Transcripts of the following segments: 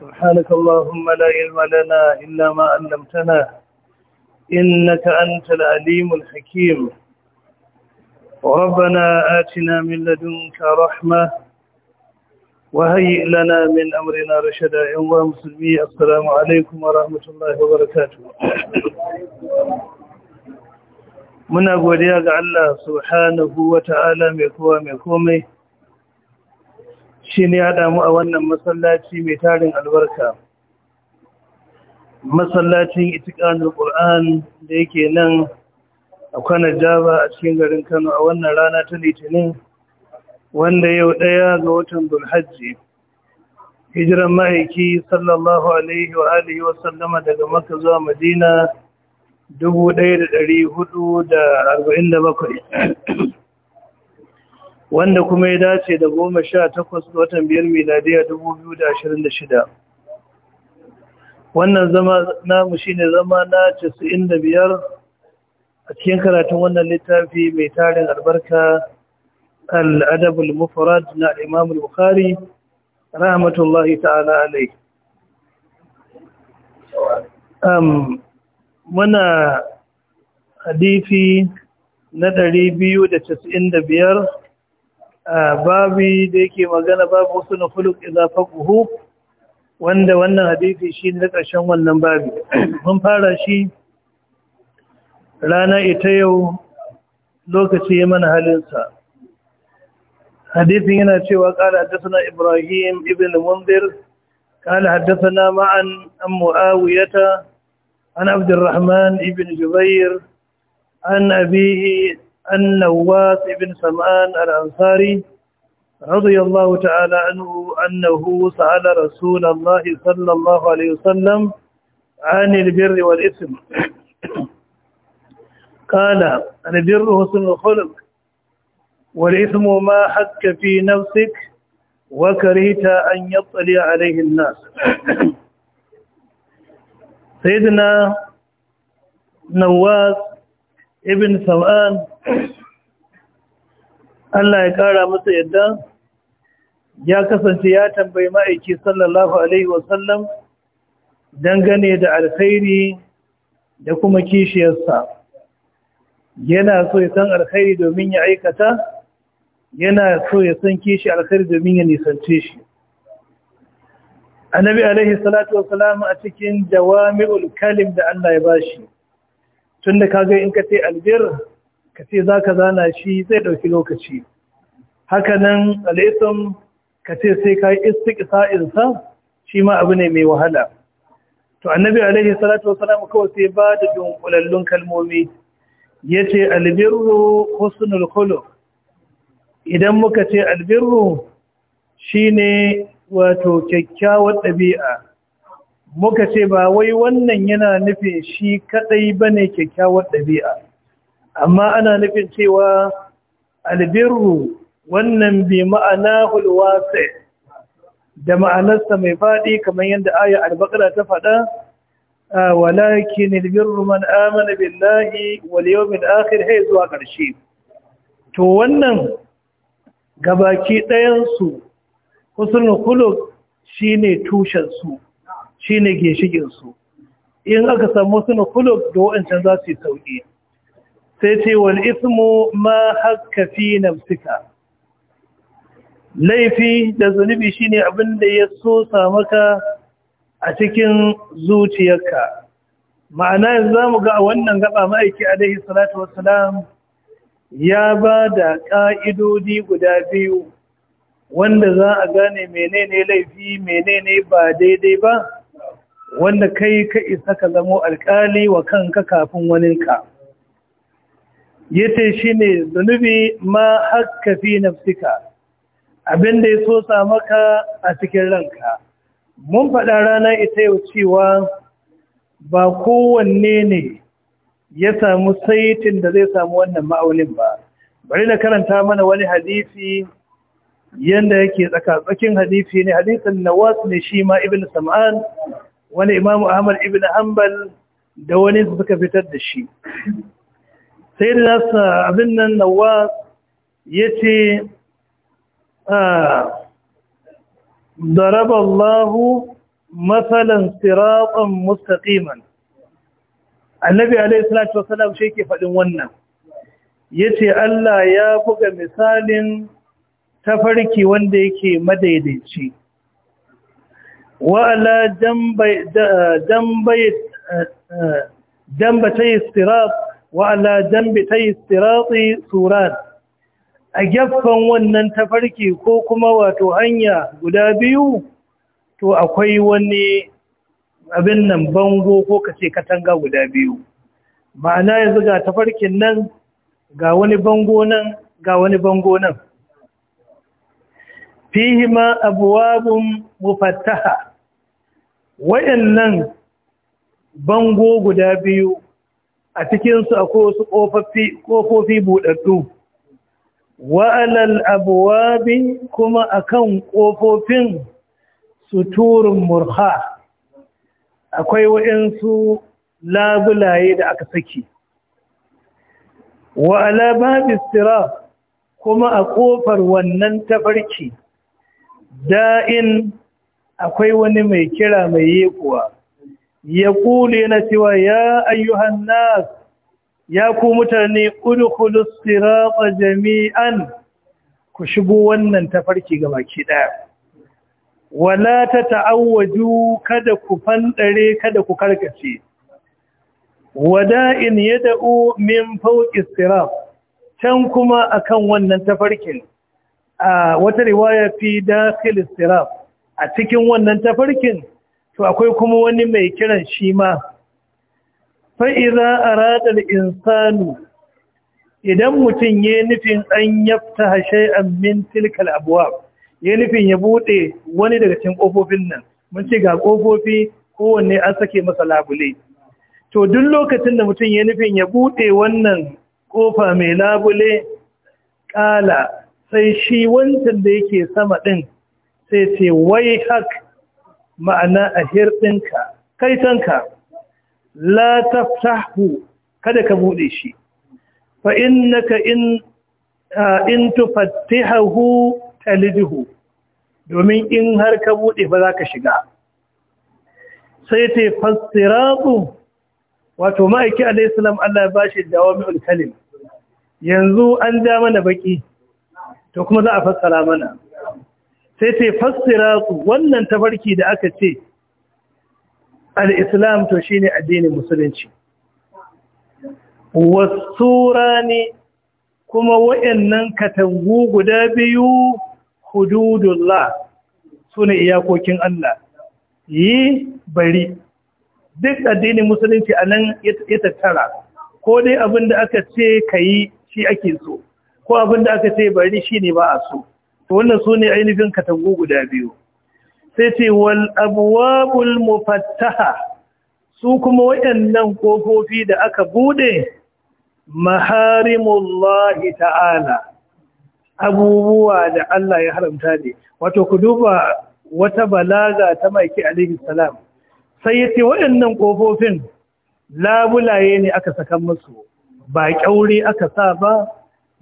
سبحانك اللهم لا علم لنا إلا ما علمتنا إنك أنت العليم الحكيم ربنا آتنا من لدنك رحمة وهيئ لنا من أمرنا رشدا أيها المسلمين السلام عليكم ورحمة الله وبركاته muna godiya ga Allah subhanahu wa ta'ala mai kowa mai komai shi ne ya damu a wannan masallaci mai tarin albarka masallacin itikanin ƙul'an da yake nan a kwanar java a cikin garin kano a wannan rana ta litinin wanda yau ɗaya ga watan bulhajji hijiran ma'aiki sallallahu alaihi wa alihi wa sallama daga maka zuwa madina 1447 wanda kuma ya dace da goma sha takwas ga watan biyar miladiya dubu biyu da ashirin da shida wannan zama namu shi ne zama na casa'in da biyar a cikin karatun wannan littafi mai tarin albarka al'adabul mufarad na imamul bukhari rahmatullahi ta'ala alai muna hadifi na ɗari biyu da casa'in da biyar babi da yake magana babu wasu na kuluk izafan uhu wanda wannan hadisi shi na ƙarshen wannan babi mun fara shi rana ita yau lokaci ya mana halinsa hadisin yana cewa ƙara haddasa ibrahim ibn mundir قال haddasa معا عن an عن عبد الرحمن بن جبير عن النواس بن سمعان الأنصاري رضي الله تعالى عنه أنه سأل رسول الله صلى الله عليه وسلم عن البر والإثم قال البر حسن الخلق والإثم ما حك في نفسك وكرهت أن يطلع عليه الناس سيدنا نواس ibn sam'an Allah ya ƙara masa yadda ya kasance ya tambayi ma'aiki sallallahu alaihi wasallam dangane da alkhairi da kuma kishiyarsa yana so ya san alkhairi domin ya aikata yana so ya san kishi alkhairi domin ya nisance shi annabi alaihi salatu wasalam a cikin jawami'ul kalim da Allah ya bashi tun da kaga in ka ce aljir ka ce za ka zana shi zai ɗauki lokaci hakanan alaisun ka ce sai ka yi istiƙisa'insa shi ma abu ne mai wahala to annabi alaihi salatu wasalam kawai sai ba da dunkulallun kalmomi ya ce albirru husnul Kulu? idan muka ce albirru shine wato kyakkyawar ɗabi'a muka ce ba wai wannan yana nufin shi kadai bane kyakkyawar ɗabi'a amma ana nufin cewa albirru wannan bi ma'ana hulwasa da ma'anarsa mai faɗi kamar yadda ayi albakara ta faɗa ah, walakin albirru man amana billahi wal yawmil akhir hay zuwa ƙarshe to wannan gabaki ɗayan su husnul khuluq shine tushen su shi ne ginshiginsu in aka samu suna kulub da waɗancan za su yi sauƙi sai ce Wani ismu ma haka fi suka laifi da zunubi shi ne abin ya so samaka a cikin zuciyarka ma'ana yanzu za mu ga a wannan gaba ma'aiki alaihi salatu salam. ya ba da ƙa'idodi guda biyu wanda za a gane menene laifi menene ba daidai ba wanda kai ka isa ka zamo alkali wa kanka kafin waninka yace ne zunubi ma hakka fi nafsika abinda ya sosa maka a cikin ranka mun faɗa rana ita yau cewa ba kowanne ne ya samu saitin da zai samu wannan ma'aunin ba bari na karanta mana wani hadisi yanda yake tsaka tsakin hadisi ne hadisin nawas ne shi ma ibn sam'an wani imamu ahmad ibn hanbal da wani suka fitar da shi sai da nasa abin nan nawa ya ce ah, daraballahu matsalan siratsan mustaqiman annabi alaihi salatu shi ke faɗin wannan ya ce Allah ya buga misalin tafarki wanda yake madaidaici وعلى جنبي جنبتي استراط وعلى جنبتي استراط سوران a gefen wannan tafarki ko kuma wato hanya guda biyu to akwai wani abin nan bango ko kace katanga guda biyu ma'ana yanzu ga tafarkin nan ga wani bango nan ga wani bango nan fihima abwabun mufattaha wayannan bango guda biyu a cikin su akwai wasu kofofi kofofi budaddu wa alal abwabi kuma akan kofofin suturun murha akwai wayansu labulaye da aka saki wa ala babis siraf kuma a ƙofar wannan tafarki da'in akwai wani mai kira mai yekuwa ya kule na cewa ya ayyuhan nas ya ku mutane udkhulu sirata jami'an ku shigo wannan tafarki ga baki daya wala ta ta'awwaju kada ku fanɗare kada ku karkace wada'in yad'u min fawqi sirat can kuma akan wannan tafarkin a wata riwaya fi dakhil istiraf a cikin wannan tafarkin to akwai kuma wani mai kiran shi ma fa idza arada al-insanu idan mutum ya nufin an yafta shay'an min tilka al-abwab ya nufin ya bude wani daga cikin kofofin nan mun ce ga kofofi kowanne an sake masa labule to duk lokacin da mutum ya nufin ya bude wannan kofa mai labule kala sai shi wancan da yake sama ɗin sai ce wai hak ma'ana a hirɗinka kaitanka la taftahu kada ka buɗe shi fa innaka in hahu tufattihahu talidhu domin in har ka buɗe ba za ka shiga sai ta fassiratu wato ma'aiki salam Allah ya bashi mi'ul kalim yanzu an ja mana baki to kuma za a fassara mana sai ce fassira wannan tafarki da aka ce al-islam to shine addinin musulunci Wasu rani, kuma wayannan katangu guda biyu hududullah sune iyakokin Allah yi bari duk addinin musulunci anan ya tattara ko dai abin da aka ce kayi shi ake so ko abin da aka ce bari shi ne ba a so wannan su ne ainihin katangu guda biyu sai ce wal abwabul mufattaha su kuma waɗannan kofofi da aka buɗe? maharimullahi ta'ala abubuwa da Allah ya haramta ne wato ku duba wata balaga ta maiki alaihi salam sai yace waɗannan kofofin labulaye ne aka saka musu ba ƙyauri aka sa ba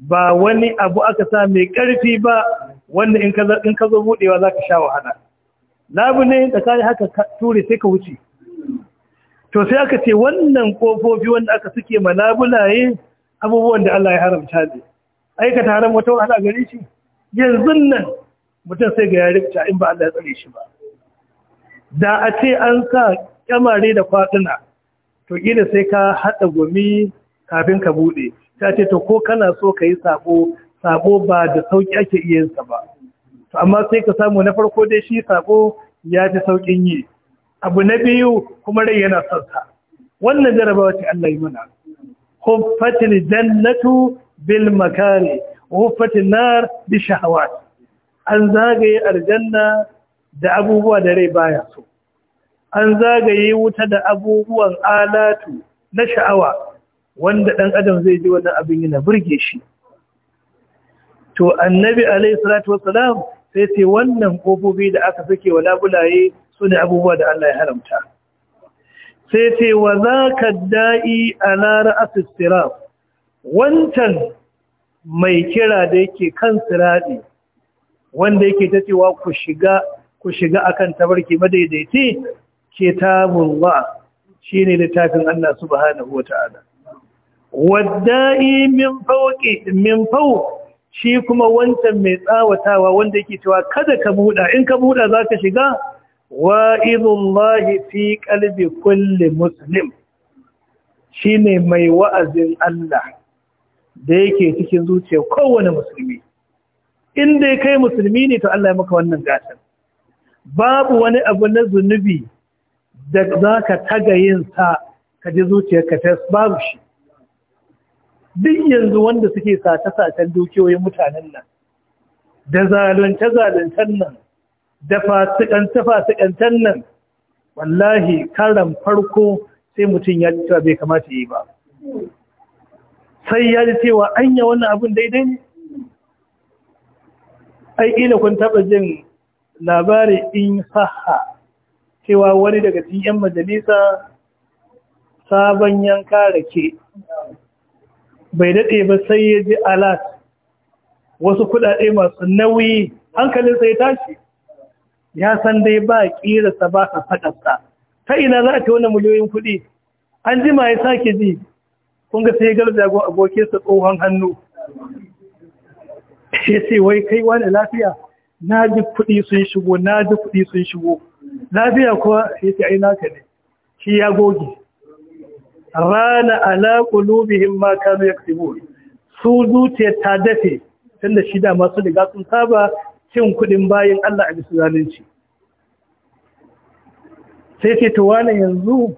ba wani abu aka sa mai ƙarfi ba wanda in ka zo buɗewa za ka sha wahala labu ne da yi haka ture sai ka wuce to sai aka ce wannan ƙofofi wanda aka suke ma labulaye abubuwan da Allah ya haramta ne aikata haram wata wahala gare shi yanzu nan mutum sai ga ya rikta in ba Allah ya tsare shi ba da a ce an sa kyamare da kwaɗina to ƙila sai ka haɗa gumi kafin ka buɗe ta ce to ko kana so ka yi sabo sabo ba da sauƙi ake iya yin sa ba to amma sai ka samu na farko dai shi sabo ya fi sauƙin yi abu na biyu kuma rai yana son sa wannan jarabawa ce Allah yi mana huffatil jannatu bil makari huffatil nar bi shahawat an zagaye aljanna da abubuwa da rai baya so an zagaye wuta da abubuwan alatu na sha'awa wanda ɗan adam zai ji wannan abin yana burge shi to annabi alaihi salatu wassalam sai ce wannan kofofi da aka sake wa labulaye su ne abubuwa da Allah ya haramta sai ce wa za ka da'i a lara asistiraf wancan mai kira da yake kan siraɗi wanda yake ta cewa ku shiga ku shiga akan tabarki madaidaiti ke Shi shine littafin Allah subhanahu wata'ala wadda'i min shi kuma wancan mai tsawatawa wanda yake cewa kada ka buɗa in ka buɗa za ka shiga wa fi kalbi kulli muslim shi ne mai wa'azin Allah da yake cikin zuciya kowane musulmi inda ya kai musulmi ne to Allah ya maka wannan gasar babu wani abu na zunubi da za ka taga yinsa ka ji zuciyar ta babu shi duk yanzu wanda suke sace-sacen dukiyoyin mutanen nan da zalunce nan da fasikance nan wallahi karan farko sai mutum ya cewa bai kamata yi ba sai ya ji cewa an wannan abin daidai ne ai Ina kun taɓa jin labari in saha cewa wani daga cikin 'yan majalisa sabon yanka ke. bai daɗe ba sai ya ji alat wasu kuɗaɗe masu nauyi hankalin sai tashi ya san dai ba ƙirarsa ba a faɗarsa ta ina za a ta wani miliyoyin kuɗi an ji ma ya sake ji kun ga sai ya garza abokinsa tsohon hannu ya ce wai kai wani lafiya na ji kuɗi sun shigo na ji kuɗi sun shigo lafiya kuwa ya ce ai naka ne shi ya goge rana ala qulubihim ma kanu yaktubun su zuciya ta dafe tunda shi da masu riga sun saba cin kudin bayin Allah a bisa zalunci sai ce to wani yanzu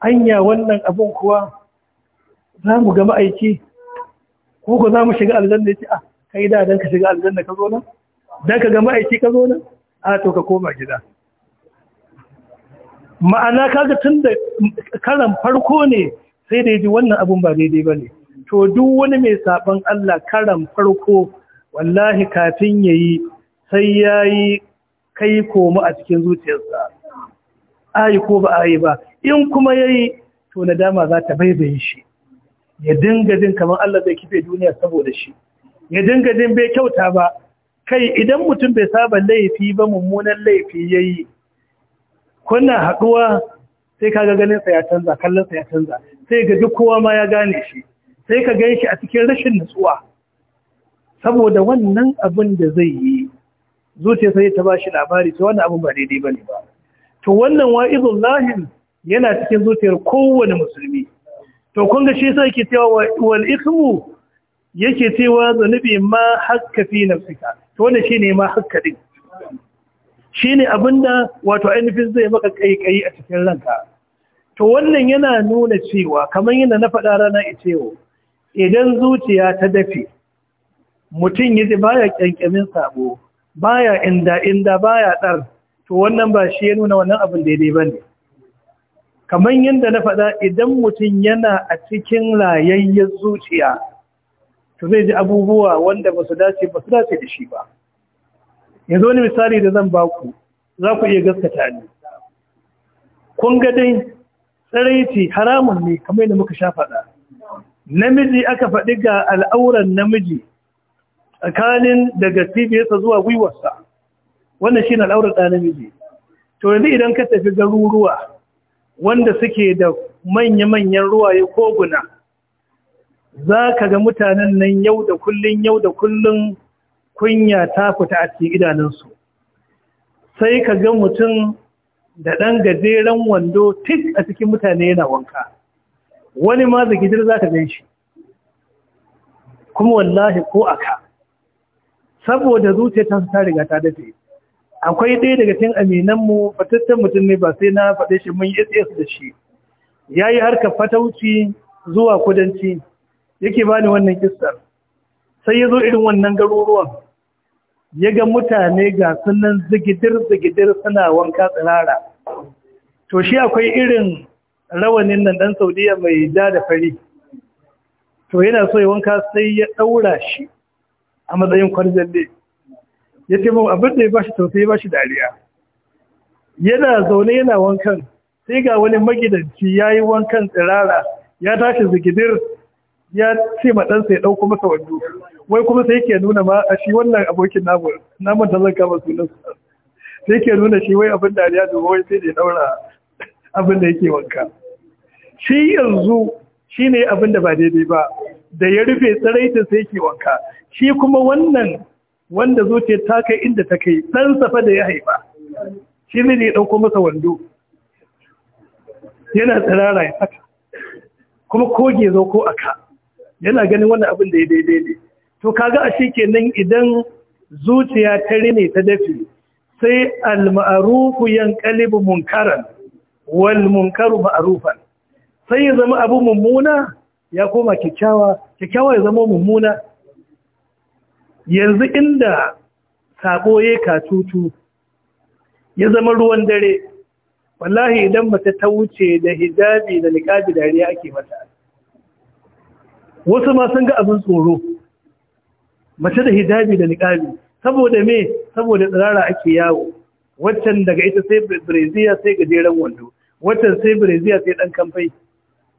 anya wannan abun kuwa za mu ga ma'aiki ko ko za mu shiga aljanna ce ah kai da dan ka shiga aljanna ka zo nan dan ka ga ma'aiki ka zo nan a ah, to ka koma gida ma'ana kaga tun da karan farko ne sai da ji wannan abun ba daidai ba ne to duk wani mai saɓon Allah karan farko wallahi kafin ya yi sai ya yi kai komu a cikin zuciyarsa yi ko ba yi ba in kuma ya yi to nadama za ta baibaye shi ya dinga jin kamar Allah zai kife duniya saboda shi ya dinga jin bai kyauta ba kai idan mutum bai saba laifi ba mummunan laifi ya yi kuna haɗuwa sai kaga ganin sa ya canza kallon sa ya canza sai ga duk kowa ma ya gane shi sai ka gan shi a cikin rashin nutsuwa saboda wannan abin da zai yi zuciya sai ta bashi labari to wannan abin ba daidai bane ba to wannan wa'izul lahin yana cikin zuciyar kowane musulmi to kun ga shi sai yake cewa wal ismu yake cewa zanubi ma hakka fi nafsika to wannan shine ma hakka din shi abin abinda wato ainihin zai maka kaikayi a cikin ranka to wannan yana nuna cewa kamar yana na faɗa rana cewa idan zuciya ta dafe mutum yaji baya ƙyanƙyamin sabo baya inda inda baya ɗar to wannan ba shi ya nuna wannan abin daidai ba ne. kamar yadda na faɗa idan mutum yana a cikin layayyar zuciya to zai ji abubuwa wanda ba su dace ba su dace da shi ba yanzu wani misali da zan ba ku za ku iya gaskata ne kun ga dai tsaraici haramun ne kamar yadda muka sha faɗa namiji aka faɗi ga al'auran namiji tsakanin daga cibiyarsa zuwa gwiwarsa wannan shi al'auran ɗan namiji to yanzu idan ka tafi garuruwa wanda suke da manya-manyan ruwaye koguna za ka ga mutanen nan yau da kullun yau da kullun kunya ta fita a cikin idanunsu sai ka ga mutum da ɗan gajeren wando tik a cikin mutane yana wanka wani ma gidir za ka ganshi. shi kuma wallahi ko aka saboda zuciya ta ta riga ta dafe akwai ɗaya daga cikin mu. fatattun mutum ne ba sai na faɗe shi mun yi tsaye da shi ya yi harkar fatauci zuwa kudanci yake ba ni wannan kistar sai ya zo irin wannan garuruwan ya ga mutane ga sunan zigidir-zigidir suna wanka tsirara to shi akwai irin rawanin nan ɗan saudiya mai ja da fari to yana so ya wanka sai ya ɗaura shi a matsayin kwarjalle ya ce mu abin da ya bashi tausayi ba shi dariya yana zaune yana wankan sai ga wani magidanci ya yi wankan tsirara ya tashi zigidir ya ce ma ɗansa ya ɗauko masa wando wai kuma sai ke nuna ma a shi wannan abokin namun namun ta zan kama nan sai ke nuna shi wai abin dariya da wai sai da ɗaura abin da yake wanka shi yanzu shi ne abin da ba daidai ba da ya rufe tsiraita sai ke wanka shi kuma wannan wanda zuciya ta kai inda ta kai ɗan safa da ya haifa shi ne ya ɗauko masa wando yana tsirara ya haka kuma koge zo ko aka yana ganin wannan abin da ya daidai ne to kaga a nan idan zuciya ta rine ta dafi sai al-ma'rufu yanqalibu munkaran wal munkaru ma'rufan sai ya zama abu mummuna ya koma kyakkyawa kyakkyawa ya zama mummuna yanzu inda sako ya katutu ya zama ruwan dare wallahi idan mace ta wuce da hijabi da niqabi dariya ake mata wasu ma sun ga abin tsoro mace da hijabi da niƙabi. saboda me saboda tsirara ake yawo waccan daga ita sai breziya sai gajeren wando waccan sai breziya sai dan kamfai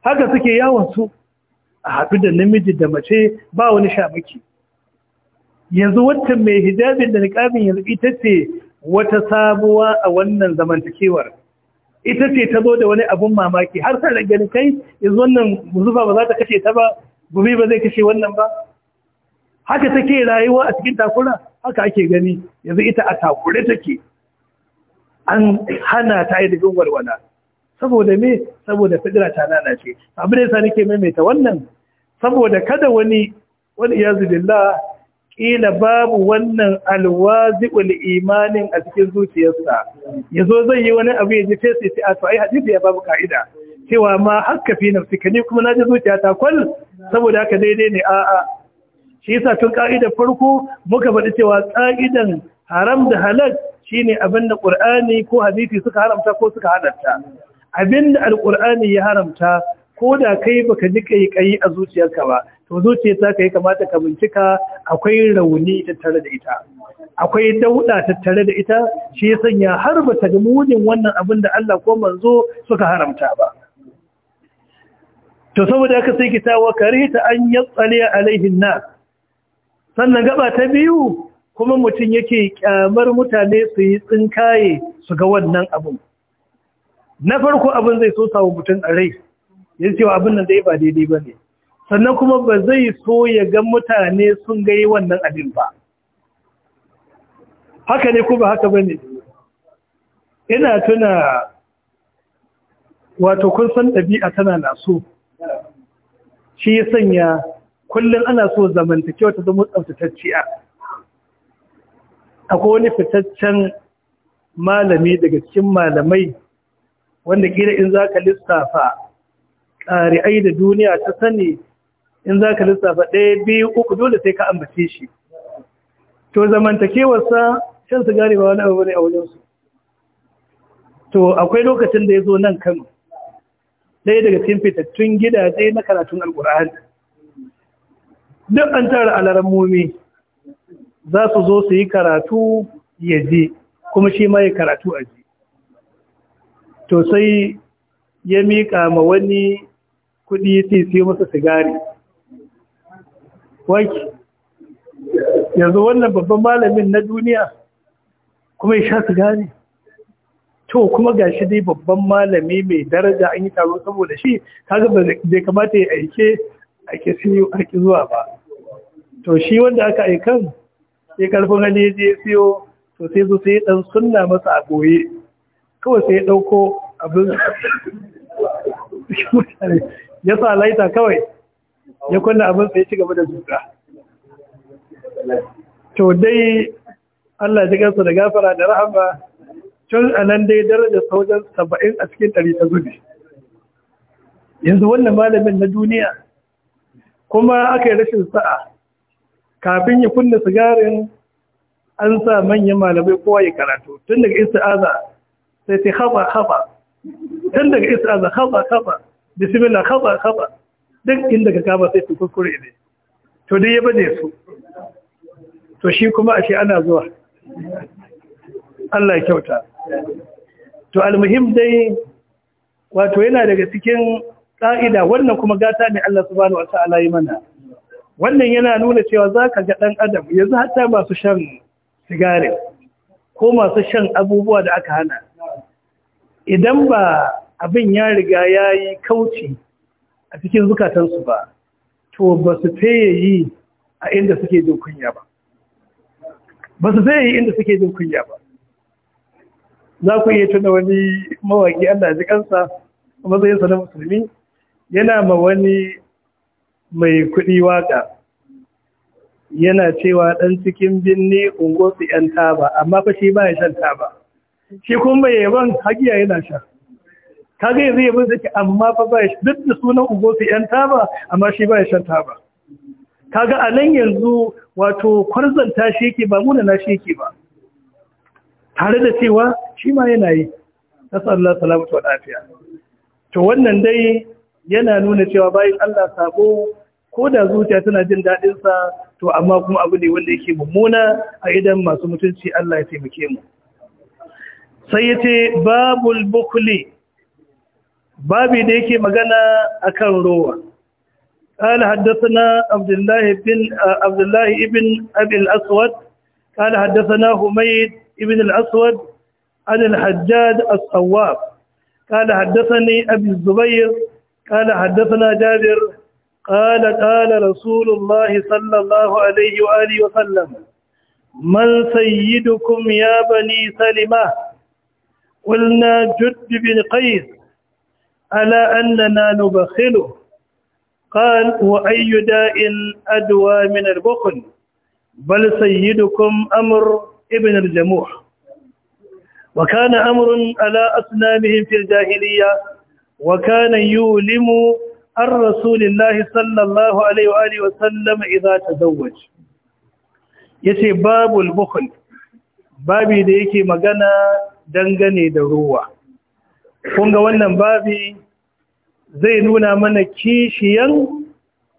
haka suke yawon su a haɗu da namiji da mace ba wani shamaki yanzu waccan mai hijabin da niqabin yanzu ita ce wata sabuwa a wannan zamantakewar ita ce ta zo da wani abun mamaki har sai da ganin kai yanzu wannan zufa ba za ta kashe ta ba gumi ba zai kashe wannan ba haka take rayuwa a cikin takura haka ake gani yanzu ita a takure take an hana ta yi dubin walwala saboda me saboda fidira ta lalace abin da yasa nake maimaita wannan saboda kada wani wani iyazu billah kila babu wannan alwazi'ul imanin a cikin zuciyarsa yazo zai yi wani abu ya ji fesi a to ai hadisi ya babu ka'ida cewa ma haka fi nafsika ni kuma na ji zuciya ta kwal saboda haka daidai ne a'a shi yasa tun ka'idar farko muka faɗi cewa ka'idan haram da halal shine abin da qur'ani ko hadisi suka haramta ko suka halarta abin da alqur'ani ya haramta ko da kai baka ji kai a zuciyarka ba to zuciyar ta kai kamata ka bincika akwai rauni tattare da ita akwai dauda tattare da ita shi ya sanya har ba ta ga munin wannan abin da Allah ko manzo suka haramta ba to saboda aka sai kita wa karita an yatsali alaihin na. sannan gaba ta biyu kuma mutum yake kyamar mutane su yi tsinkaye su ga wannan abun na farko abin zai so sawo mutum a rai yin cewa abin nan dai ba daidai ba ne sannan kuma ba zai so ya ga mutane sun gai wannan abin ba haka ne kuma haka ba ne ina tuna wato kun san ɗabi'a tana naso shi ya sanya kullum ana so zamantakewa ta zama tsaftatacciya akwai wani fitaccen malami daga cikin malamai wanda kira in za ka lissafa ƙari'ai da duniya ta sani in za ka lissafa ɗaya biyu uku dole sai ka ambace shi to zamantakewarsa shan sigari ba wani abu ne a wajensu to akwai lokacin da ya zo nan kano ɗaya daga cikin fitattun gidaje na karatun alkur'ani duk an tara mumi za su zo su yi karatu ya je kuma shi ma yi karatu a je to sai ya miƙa ma wani kuɗi sai sai masa sigari waki yanzu wannan babban malamin na duniya kuma ya sha sigari to kuma ga shi dai babban malami mai daraja an yi taro saboda shi kaga ba zai kamata ya aike ake siyo ake zuwa ba to shi wanda aka aikan sai karfin hali je siyo to sai zo sai dan sunna masa a goye kawai sai ya dauko abin ya sa laita kawai ya kunna abin sai ci gaba da zuka to dai Allah ya ji kansa da gafara da rahama tun a nan dai darajar saujan saba'in a cikin ɗari ta zube yanzu wannan malamin na duniya kuma aka yi rashin sa'a kafin ya kunna sigarin an sa manyan malamai kowa ya karatu tun daga Aza sai ta haba haba tun daga isti'aza haba haɓa bismillah haba haba duk inda ka kama sai ta kuskure ne to dai ya bade su to shi kuma a shi ana zuwa Allah kyauta to almuhim dai wato yana daga cikin ƙa'ida wannan kuma gata ne Allah subhanahu wa ta'ala yi mana wannan yana nuna cewa za ka ga ɗan adam yanzu hata masu shan sigari ko masu shan abubuwa da aka hana idan ba abin ya riga ya yi kauci a cikin zukatansu ba to ba su faye yi a inda suke jin kunya ba ba su yi inda suke jin kunya ba za ku iya tuna wani mawaƙi Allah ji kansa a matsayinsa na musulmi yana ma wani mai kuɗi waƙa yana cewa ɗan cikin binni ungosu ‘yan taba amma fa shi ba ya shan taba shi kuma mai yawan, hagiya yana sha kaga yanzu yabin zaki amma fa ba ya duk da sunan ungosu ‘yan taba amma shi ba ya shan taba kaga a nan yanzu wato kwarzanta shi ke ba muna na shi ke ba tare da cewa shi ma yana yi nasallar salamatu wa lafiya to wannan dai yana nuna cewa bayan Allah sabo ko da zuciya tana jin daɗinsa, to amma kuma abu ne wanda yake mummuna a idan masu mutunci Allah ya taimake mu sai yace babul bukhli babi da yake magana akan rowa قال حدثنا عبد الله بن عبد الله ابن ابي الاسود قال حدثنا حميد ابن الأسود عن الحجاج الصواب قال حدثني أبي الزبير قال حدثنا جابر قال قال رسول الله صلى الله عليه وآله وسلم من سيدكم يا بني سلمة قلنا جد بن قيس على أننا نبخله قال وأي داء أدوى من البخل بل سيدكم أمر ابن الجموح وكان أمر على jahiliya, في الجاهلية وكان يولم الرسول الله صلى الله عليه وآله وسلم إذا تزوج yace babul bukhul babi da yake magana dangane da ruwa Kunga wannan babi zai nuna mana kishiyan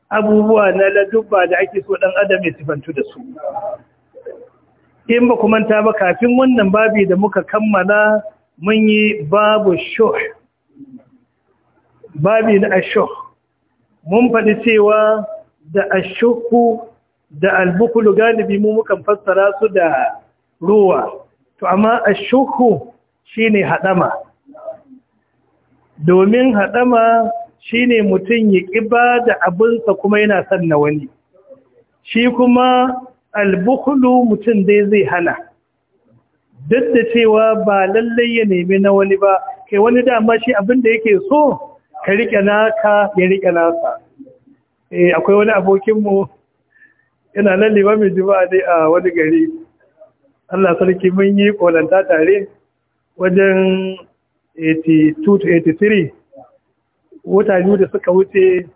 abubuwa na ladubba da ake so dan adam ya sifantu da su in ba manta ba kafin wannan babi da muka kammala mun yi babu shoh babi na ashuh mun faɗi cewa da ashuhu da albukulu galibi mu mukan fassara su da ruwa to amma shi ne haɗama domin hadama ne mutum ya kiba da abinsa kuma yana son na wani shi kuma albukulu mutum dai zai hana duk da cewa ba lallai ya nemi na wani ba kai wani dama shi abinda da yake so ka riƙe naka ya riƙe nasa eh, akwai wani abokinmu yana nan limamin juma'a dai a wani gari allah sarki mun yi kolanta tare wajen 82-83 wata biyu da suka wuce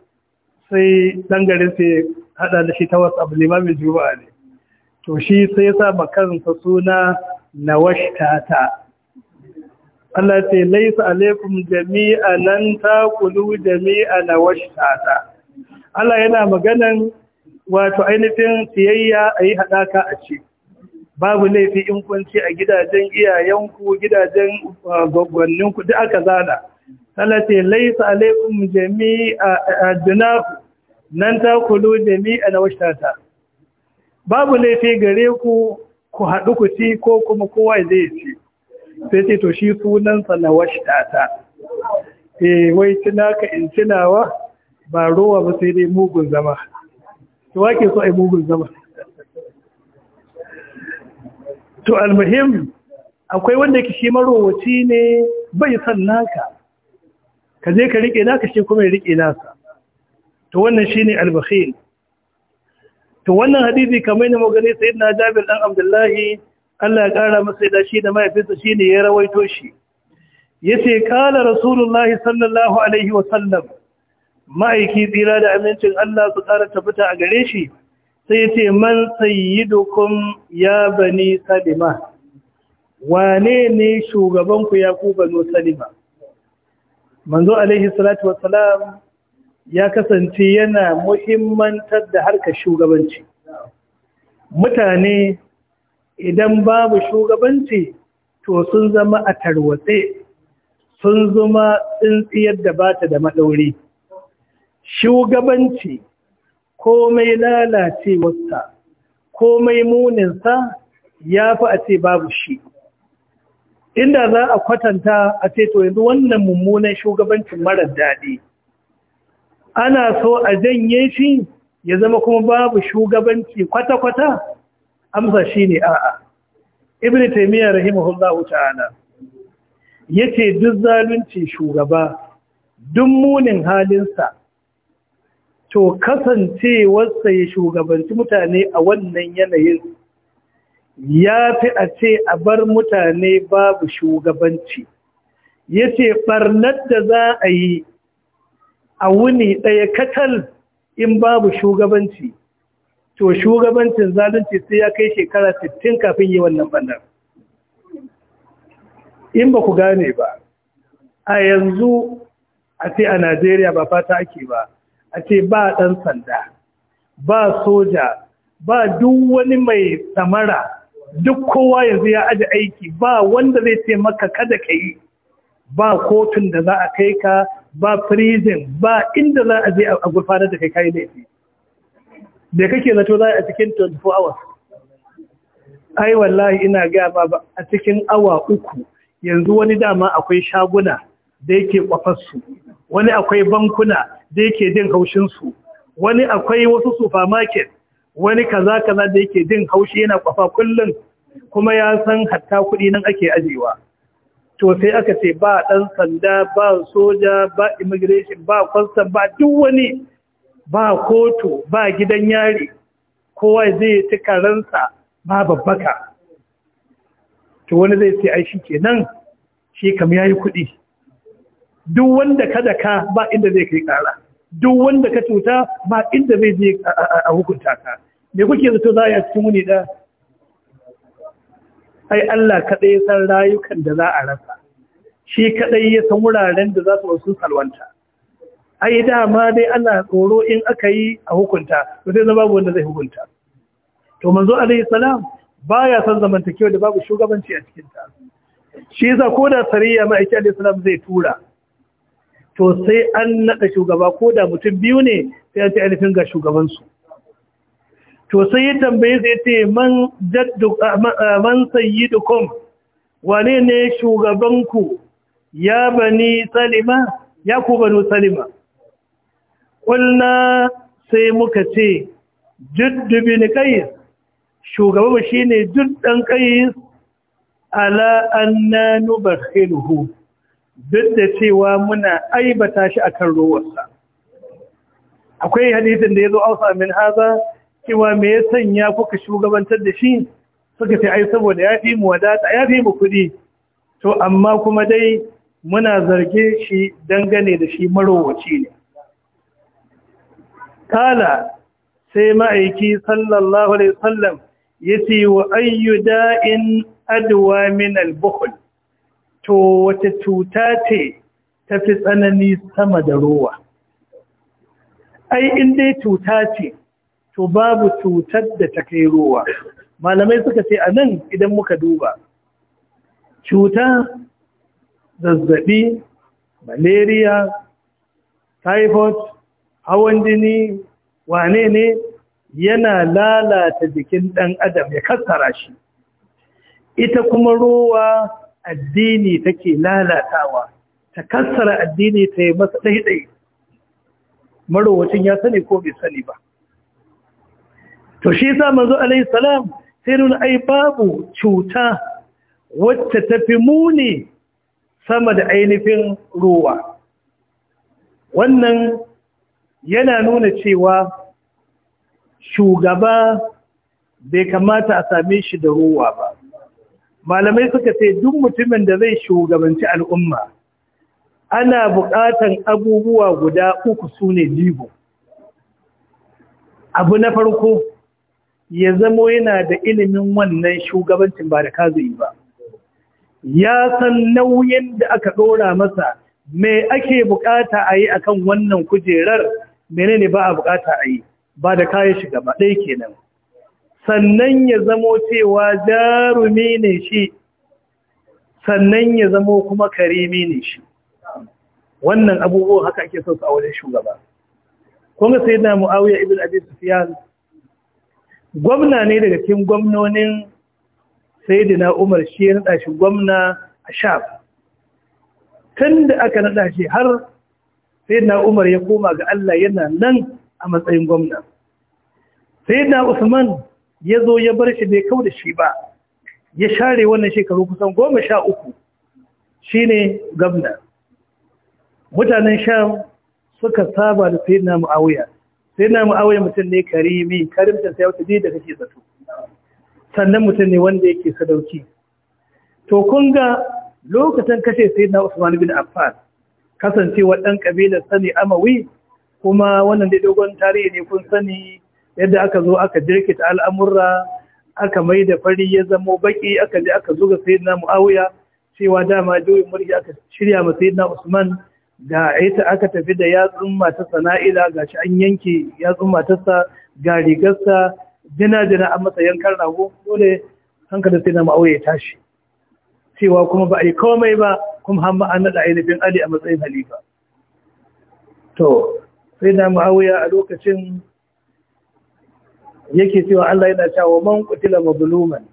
sai ɗan sai haɗa da shi ta wasu abu limamin juma'a ne to shi sai sa kansa suna na nawashtata Allah ce laisa alaikum jami'a nan Kulu jami'a na nawashtata Allah yana maganan wato ainihin siyayya a yi haɗaka a ce babu laifi in kunci a gidajen iyayenku gidajen uh, gwaggwanninku duk aka zana Allah ce laisa alaikum jami'a adnaku nan Kulu jami'a na nawashtata babu laifi gare ku ku haɗu ku ci ko kuma kowa zai ci sai ce to shi sunansa na washtata eh wai cinaka in tunawa ba rowa ba sai dai mugun zama to wake so ai mugun zama to almuhim akwai wanda yake shi marowaci ne bai san naka ka je ka rike naka shi kuma ya rike nasa to wannan shine albakhil to wannan hadisi kamar ne magani sayyidina Jabir dan Abdullahi Allah ya kara masa da shi da mahaifinsa shine ya rawaito shi yace kala rasulullahi sallallahu alaihi wa sallam ma'aiki tsira da amincin Allah su kara tabbata a gare shi sai yace man sayyidukum ya bani salima wane ne shugaban ku ya ku salima manzo alaihi salatu wassalam ya kasance yana muhimmantar da harkar shugabanci mutane idan babu shugabanci to sun zama a tarwatse sun zama tsintsiyar da ba ta da maɗauri shugabanci komai lalacewarsa komai muninsa ya fi a ce babu shi inda za a kwatanta a ce to yanzu wannan mummunan shugabancin marar daɗi ana so a janye shi ya zama kuma babu shugabanci kwata-kwata amsa shi ne a'a ibn taimiyya rahimahullahu ta'ala ya ce duk zalunci shugaba duk munin halinsa to kasancewarsa ya shugabanci mutane a wannan yanayin ya fi a ce a bar mutane babu shugabanci ya ce ɓarnar da za a yi a wuni ɗaya katal in babu shugabanci to shugabancin zalunci sai ya kai shekara 60 kafin yi wannan bannan in ba ku gane ba a yanzu a ce a najeriya ba fata ake ba a ce ba ɗan sanda ba soja ba duk wani mai samara duk kowa yanzu ya aji aiki ba wanda zai ce maka kada ka yi ba kotun da za a kai ka ba prison ba inda za a je a gurfanar da kai kai laifi da kake zato za a cikin 24 hours ai wallahi ina gaya ba a cikin awa uku yanzu wani dama akwai shaguna da yake kwafarsu wani akwai bankuna da yake jin haushinsu wani akwai wasu supermarket wani kaza kaza da yake din haushi yana kwafa kullum kuma ya san hatta kuɗi nan ake ajewa to sai aka ce ba ɗan sanda ba soja ba immigration ba kwastam ba duk wani ba kotu ba gidan yari kowa zai ci karansa ba babbaka to wani zai ce ai shi kenan shi kam yayi kuɗi duk wanda kada ka ba inda zai kai kara duk wanda ka cuta ba inda zai je a hukunta ka me kuke zato za a cikin wuni da ai Allah kaɗai ya san rayukan da za a rasa shi kaɗai ya san wuraren da za su wasu salwanta ai dama dai ana tsoro in aka yi a hukunta to sai babu wanda zai hukunta to manzo alaihi salam baya san zamantakewa da babu shugabanci a cikin ta shi ko koda sariya ma'aikata Alayhi salam zai tura to sai an naɗa shugaba ko da mutum biyu ne sai an ce alifin ga shugabansu to sai ya tambaye sai ce man jaddu man sayyidukum wane ne shugabanku ya bani salima ya ku banu salima kulna sai muka ce jiddu bin qais shugabanmu shine jiddan qais ala anna nubakhiluhu duk da cewa muna aibata shi akan ruwarsa akwai hadisin da yazo ausa min haza cewa me ya sanya kuka shugabantar da shi suka ce ai saboda ya fi mu wadata ya fi mu kuɗi to amma kuma dai muna zarge shi dangane da shi marowaci ne kala sai ma'aiki sallallahu alaihi wasallam yace wa ayyu da'in adwa min al-bukhl to wata cuta ce tafi tsanani sama da ruwa. ai in dai cuta ce to babu cutar da ta kai ruwa malamai suka ce a nan idan muka duba cuta zazzabi malaria typhoid hawan jini wane ne yana lalata jikin ɗan adam ya kassara shi ita kuma ruwa addini take lalatawa ta kassara addini ta yi masa ɗaiɗai marowacin ya sani ko bai sani ba to shi sa manzo alaihi salam sai nuna ai babu cuta wacce ta fi muni sama da ainihin ruwa wannan yana nuna cewa shugaba bai kamata a same shi da ruwa ba malamai suka ce duk mutumin da zai shugabanci al'umma ana buƙatan abubuwa guda uku su ne jibo abu na farko ya zamo yana da ilimin wannan shugabancin ba da kazi ba ya san nauyin da aka ɗora masa me ake bukata a yi akan wannan kujerar menene ba a bukata a yi ba da kayi shiga ba ɗaya kenan sannan ya zamo cewa jarumi ne shi sannan ya zamo kuma karimi ne shi wannan abubuwan haka ake so su a wajen shugaba kuma sai na mu'awiyar ibn abi sufyan gwamna ne daga cikin gwamnonin saidina Umar shi ya nada shi gwamna a shaf. tun da aka naɗa shi har saidina Umar ya koma ga Allah yana nan a matsayin gwamna Saidina Usman ya zo ya bar shi bai kau da shi ba ya share wannan shekaru kusan goma sha uku shi ne gwamna mutanen sha suka saba da sayyidina mu'awuyar sai na mu'awai mutum ne karimi karimta sai wata da kake zato sannan mutum ne wanda yake sadauki to kun ga lokacin kashe sai na usman bin affan kasancewa ɗan ƙabilar sani amawi kuma wannan da dogon tarihi ne kun sani yadda aka zo aka jirkita al'amurra aka mai da fari ya zamo baki aka je aka zuga sayyidina muawiya cewa dama juyin murki aka shirya ma sayyidina usman ga ita aka tafi da yatsun mata sana'ila ga shi an yanke yatsun matarsa ga rigarsa dina jina a masa yankar rago dole hankali sai na ma'auya ya tashi cewa kuma ba a yi komai ba kuma hamma an naɗa ainihin ali a matsayin halifa to sai na ma'auya a lokacin yake cewa Allah yana cewa man qutila mazluman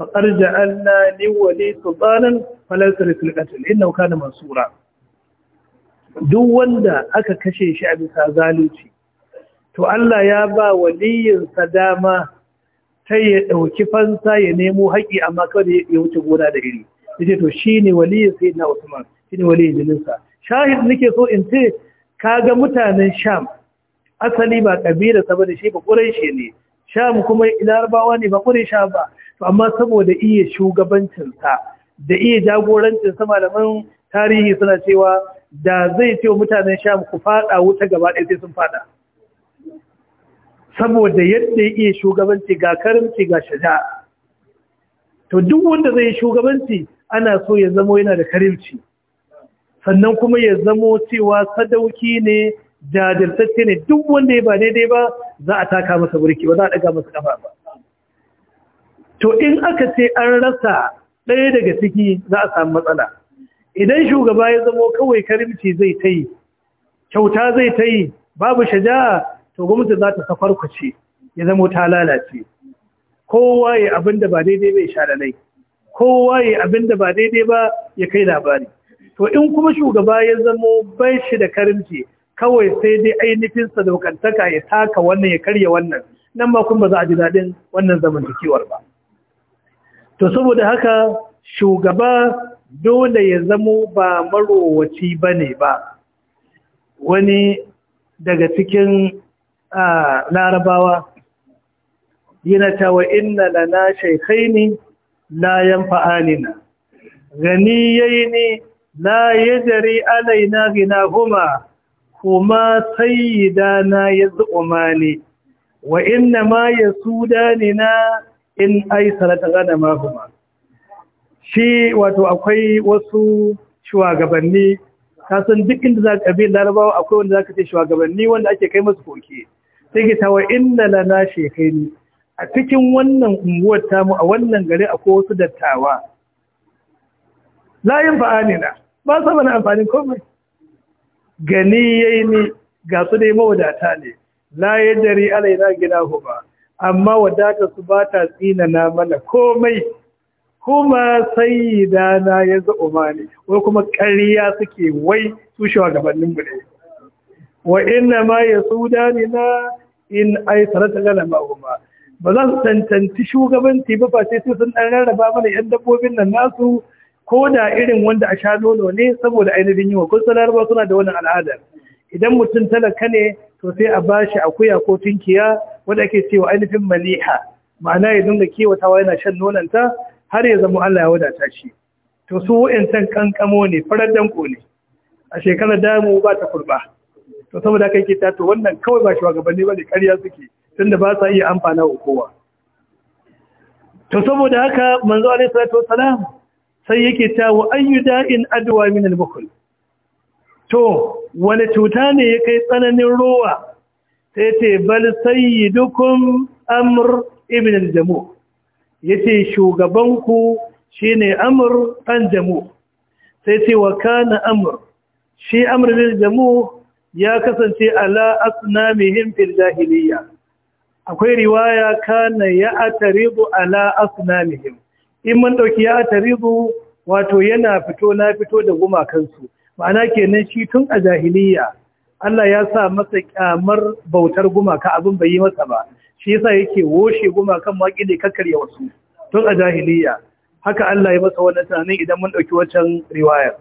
faqad ja'alna ni wali sultanan falasir qatl innahu kana mansura duk wanda aka kashe shi a bisa zalunci to Allah ya ba waliyinsa dama ta ya ɗauki fansa ya nemo haƙi amma kawai ya wuce gona da iri yace to shine waliyin na Usman shine waliyin jininsa shahid nake so in ce kaga mutanen Sham asali ba kabila saboda shi ba shi ne Sham kuma Larabawa ne ba sha ba to amma saboda iya shugabancin da iya jagorancin sa malaman tarihi suna cewa da zai ce wa mutanen sham ku fada wuta gaba ɗaya sai sun fada saboda yadda ya iya shugabanci ga karamci ga shaja to duk wanda zai shugabanci ana so ya zama yana da karimci sannan kuma ya zama cewa sadauki ne jajirtacce ne duk wanda ya ba daidai ba za a taka masa burki ba za a daga masa kafa ba to in aka ce an rasa ɗaya daga ciki za a samu matsala idan shugaba ya zamo kawai karimci zai ta yi kyauta zai ta yi babu shaja'a to gwamnati za ta ce ya zamo ta lalace kowa ya abin da ba daidai bai sha lalai kowa ya abin da ba daidai ba ya kai labari to in kuma shugaba ya zamo bai shi da karimci kawai sai dai ainihin sadaukantaka ya taka wannan ya karya wannan nan ma kuma ba za a ji daɗin wannan zamantakewar ba to saboda haka shugaba dole ya zamo ba marowaci ba ne ba wani daga cikin larabawa yana cewa inna lana shaikhaini la yanfa'alina ne la yajri alaina gina kuma sayyidana yaz'umani wa inna ma na, in aisara ta gada kuma? shi wato akwai wasu shugabanni ka san duk inda za ka larabawa akwai wanda za ka ce shugabanni wanda ake kai masu koke sai ke tawa inna lana shekaini a cikin wannan unguwar tamu a wannan gari akwai wasu dattawa layin na, ba sa mana amfanin komai gani yayi ni, ga su dai mawadata ne la yadari alaina gina ba amma wadata su ba ta tsina na mana komai kuma sayyidana ya za'uma ne wai kuma ƙarya suke wai su shugabannin mu ne wa inna ma yasudani na in ai gana ma ma'uma ba za su tantanci shugabanci ba sai sun ɗan rarraba mana yan dabbobin nan nasu ko da irin wanda a sha nono ne saboda ainihin yiwa kun sanar ba suna da wannan al'ada. idan mutum talaka ne to sai a bashi akuya ko tunkiya wanda ake cewa ainihin maliha ma'ana ya dinga kewatawa yana shan nonanta har ya zama Allah ya wadata shi to su wa'ancan kankamo ne farar danko ne a shekarar damu ba ta kurba to saboda kai ta, to wannan kawai ba shugabanni ba ne ƙarya suke tunda ba sa iya amfana wa kowa to saboda haka manzo alaihi salatu sai yake ta wa ayyu da'in adwa min al-bukhl to wani cuta ne ya kai tsananin rowa sai ce bal sayyidukum amr ibn al-jamu Ya ce shugabanku shi ne Amur an jamu sai ce wa kana Amur? shi Amur bil jamu ya kasance ala asnamihim fil jahiliya akwai riwaya kana ya ataribu ala asnamihim in mun dauki ya ataribu wato yana fito na fito da gumakansu ma'ana kenan shi tun a jahiliya Allah ya sa masa kyamar bautar gumaka abin bai yi masa ba shi sa yake woshe gumakan maƙi da kakkarya wasu tun a jahiliya haka Allah ya masa wannan tunanin idan mun ɗauki wancan riwayar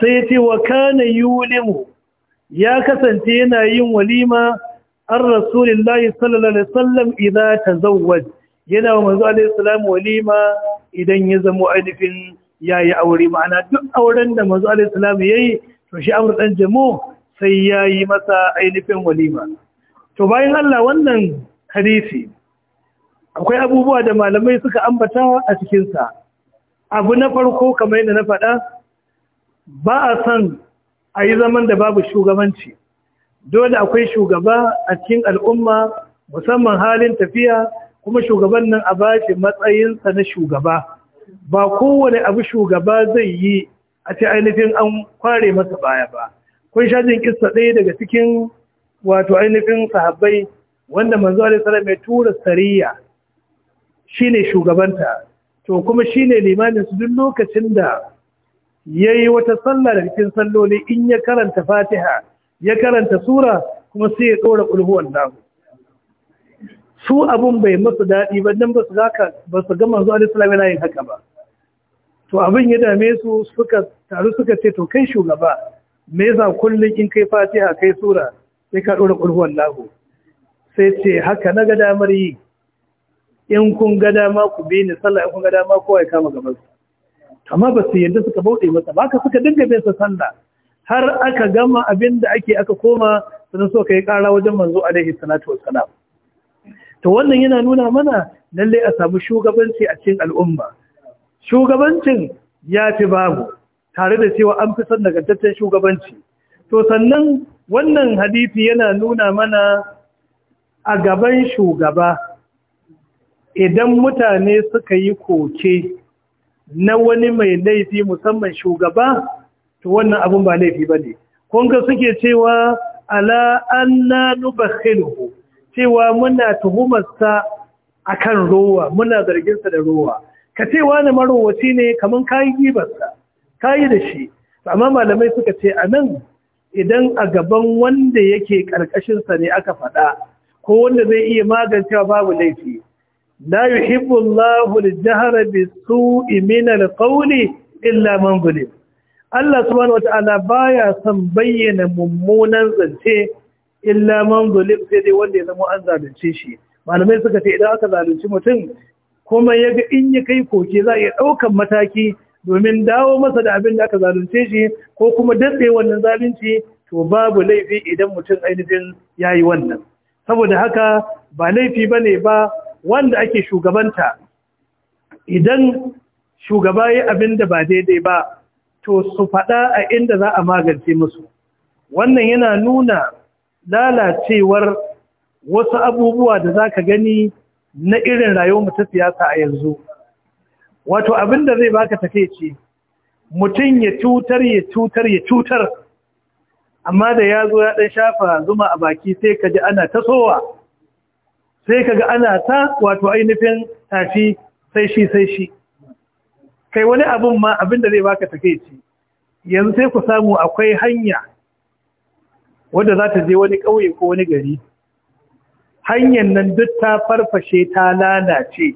sai ya ce wa kana yulimu ya kasance yana yin walima an rasulillahi sallallahu alaihi sallam idan tazawwaj yana wa manzo alaihi walima idan ya zama ainihin yayi aure ma'ana duk auren da manzo alaihi ya yayi to shi amr dan jamo sai yi masa ainihin walima to bayan Allah wannan hadisi akwai abubuwa da malamai suka ambata a cikinsa abu na farko kamar yadda na faɗa ba a san a yi zaman da babu shugabanci dole akwai shugaba a cikin al'umma musamman halin tafiya kuma shugaban nan a bashi matsayinsa na shugaba ba kowane abu shugaba zai yi a ce ainihin an kware masa baya ba kun sha jin kissa ɗaya daga cikin wato ainihin sahabbai wanda manzo alaihi salam mai tura sariya shine shugabanta to kuma shine limamin su duk lokacin da yayi wata sallah da cikin salloli in ya karanta Fatiha ya karanta sura kuma sai ya dora kulhu wallahu su abun bai masu dadi ba dan ba su zaka ba su ga manzo alaihi salam yana yin haka ba to abin ya dame su suka taru suka ce to kai shugaba me yasa kullun in kai Fatiha kai sura sai ka ɗora ƙulhu wallahu. sai ce haka na ga damar yi in kun ga dama ku bi ni sallah in kun ga dama kowa ya kama gaban su amma ba su yadda suka bauɗe masa ba ka suka dinga bin sa sallah har aka gama abin da ake aka koma sannan so yi ƙara wajen manzo alaihi salatu wassalam to wannan yana nuna mana lalle a samu shugabanci a cikin al'umma shugabancin ya fi babu tare da cewa an fi son nagartaccen shugabanci to sannan wannan hadisi yana nuna mana a gaban shugaba idan mutane suka yi koke na wani mai laifi musamman shugaba to wannan abun ba laifi ba ne kunga suke cewa ala anna nubakhilhu cewa muna tuhumarsa akan rowa muna zarginsa da rowa ka ce wani marowaci ne kaman kayi gibarsa kayi da shi amma malamai suka ce a nan idan a gaban wanda yake ƙarƙashinsa ne aka faɗa ko wanda zai iya magancewa babu laifi la yuhibbu Allahu al-jahra bis-su'i min al-qawli illa man zulim Allah subhanahu ta'ala baya son bayyana mummunan zance illa man zulim sai dai wanda ya zama an zalunce shi malamai suka ce idan aka zalunci mutum kuma yaga in ya kai koke za a iya ɗaukan mataki domin dawo masa da abin da aka zalunce shi ko kuma datse wannan zalunci to babu laifi idan mutum ainihin ya yi wannan saboda haka ba laifi ba ne ba wanda ake shugabanta idan shugaba ya abin da ba daidai ba to su faɗa a inda za a magance musu wannan yana nuna lalacewar wasu abubuwa da za ka gani na irin rayuwar mu ta siyasa a yanzu wato abin da zai baka takeici mutum ya cutar ya cutar ya cutar amma da ya zo ya ɗan shafa zuma a baki sai ka ji ana tasowa sai ka ga ana ta wato ainihin tafi sai shi sai shi kai wani abin ma abin da zai baka takeici yanzu sai ku samu akwai hanya wadda za ta je wani ƙauye ko wani gari hanyar nan duk ta farfashe ta lalace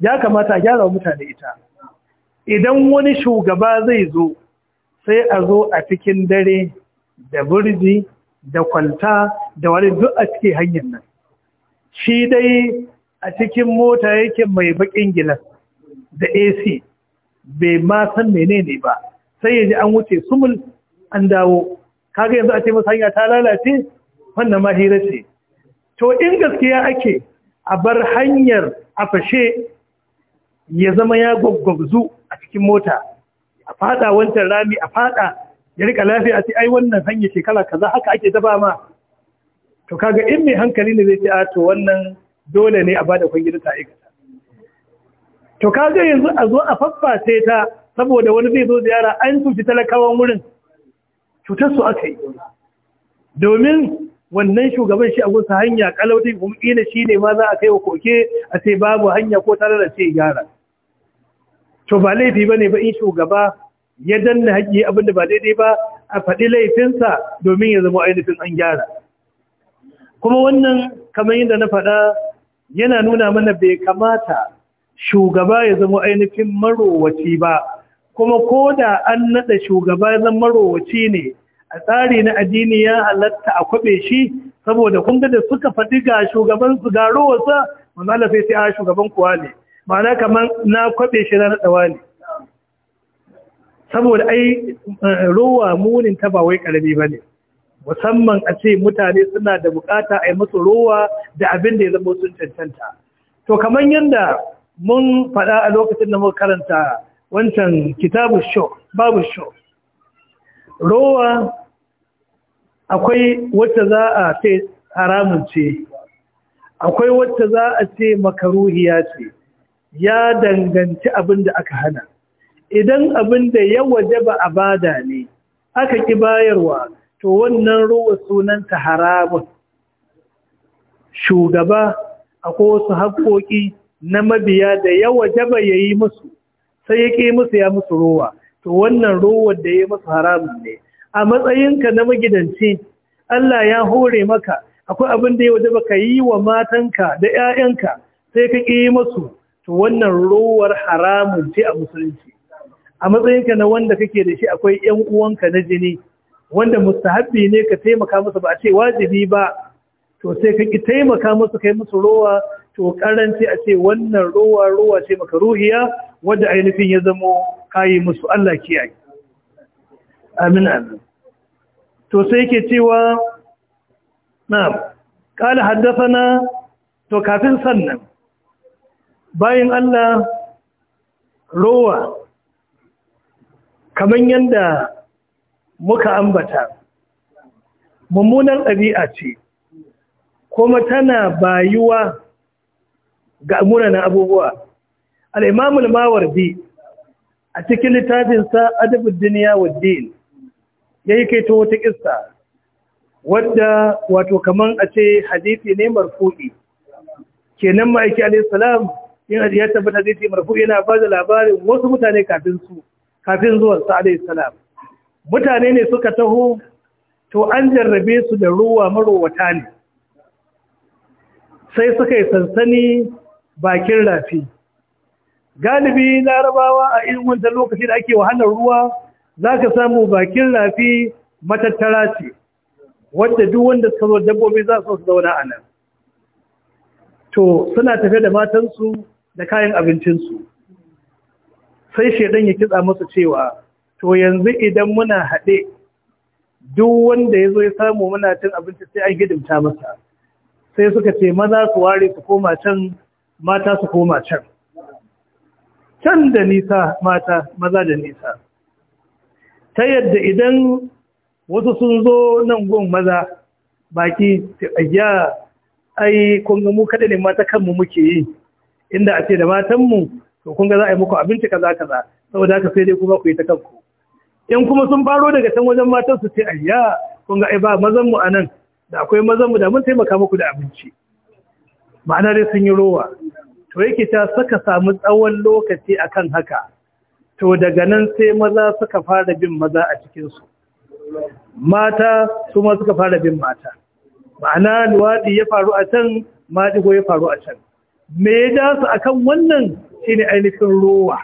ya kamata a gyara mutane ita idan wani shugaba zai zo sai a zo a cikin dare da burji da kwalta da wani duk a cikin hanyar nan shi dai a cikin mota yake mai bakin gilas da ac bai ma san menene ba sai ya ji an wuce sumul an dawo kaga yanzu a ce masa hanya ta lalace wannan ma hira ce to in gaskiya ake a bar hanyar a fashe ya zama ya gwaggwazu a cikin mota a fada wancan rami a fada ya rika lafiya sai ai wannan hanya shekara kaza haka ake dafa ma to kaga in mai hankali ne zai ce a to wannan dole ne a bada kwangila ta aikata to kaga yanzu a zo a fafface ta saboda wani zai zo ziyara an cuci talakawan wurin cutar su aka yi domin wannan shugaban shi a gusa hanya kalautin kuma ƙila shi ne ma za a kai wa koke a ce babu hanya ko ta da sai gyara to ba laifi bane ba in shugaba ya danna abin abinda ba daidai ba a faɗi laifinsa domin ya zama ainihin an gyara kuma wannan kamar yadda na faɗa yana nuna mana bai kamata shugaba ya zama ainihin marowaci ba kuma ko da an naɗa shugaba ya zama marowaci ne a tsari na addini ya halatta a kwaɓe shi saboda kun da suka faɗi ga shugaban su ga rowarsa mazalafai sai a shugaban kuwa ne ma'ana kamar na kwaɓe shi na naɗawa ne saboda ai eh, rowa munin ta ba wai ƙarami ba ne musamman a ce mutane suna da bukata a yi musu rowa da abin da ya zama sun cancanta to kamar yadda mun faɗa a lokacin da muka karanta wancan kitabu sho babu sho rowa akwai wacce za a ce haramun ce akwai wacce za a ce makaruhiya ce ya danganci abin da aka hana idan abin da ya ba a bada ne aka ki bayarwa to wannan ruwa sunanta haramun shugaba akwai wasu haƙoƙi na mabiya da ya ba ya yi musu sai ya ƙi musu ya musu ruwa to wannan ruwan da ya yi musu haramun ne a matsayinka na magidanci Allah ya hore maka akwai abin da ya ba ka yi wa matanka da 'ya'yanka sai ka ƙi musu to wannan rowar haramun ce a musulunci a matsayinka na wanda kake da shi akwai yan uwanka na jini wanda mustahabbi ne ka taimaka musu ba a ce wajibi ba to sai ka ki taimaka musu kai musu rowa to karanci a ce wannan rowa rowa ce maka ruhiya wadda ainihin ya zamo kayi musu Allah kiyaye amin amin to sai yake cewa na قال حدثنا to kafin sannan bayan Allah rowa kamar yadda muka ambata mummunan ɗabi'a ce kuma tana bayuwa ga munanan abubuwa al'imamul mawardi a cikin littafinsa adabin duniya wa din ya yi kai ta wata ƙista wadda wato kamar a ce hadithi ne marfuɗi kenan ma'aiki alaihissalam yana da ya tabbata zai ce marfu yana ba da labarin wasu mutane kafin su kafin zuwan sa'adai salam mutane ne suka taho to an jarrabe su da ruwa marowata ne sai suka yi sansani bakin rafi galibi larabawa a irin wancan lokaci da ake wahalar ruwa za ka samu bakin rafi matattara ce wadda duk wanda suka zo dabbobi za su zauna a nan to suna tafe da matansu da kayan abincinsu sai shaidan ya kitsa musu cewa to yanzu idan muna haɗe duk wanda ya zo ya samu muna cin abinci sai an gidimta masa sai suka ce maza su ware su koma can mata su koma can can da nisa mata maza da nisa ta yadda idan wasu sun zo nan gun maza baki a ai kun mu kaɗai ne mata kanmu muke yi inda a ce da matanmu to kun ga za a yi muku abinci kaza kaza saboda haka sai dai kuma ku yi ta kanku in kuma sun faro daga can wajen matan su ce ayya kun ga ai ba mazan mu anan da akwai mazan mu da mun taimaka muku da abinci ma'ana dai sun yi rowa to yake ta saka samu tsawon lokaci akan haka to daga nan sai maza suka fara bin maza a cikin su mata su ma suka fara bin mata ma'ana luwaɗi ya faru a can maɗigo ya faru a can me ya ja su kan wannan shine ainihin rowa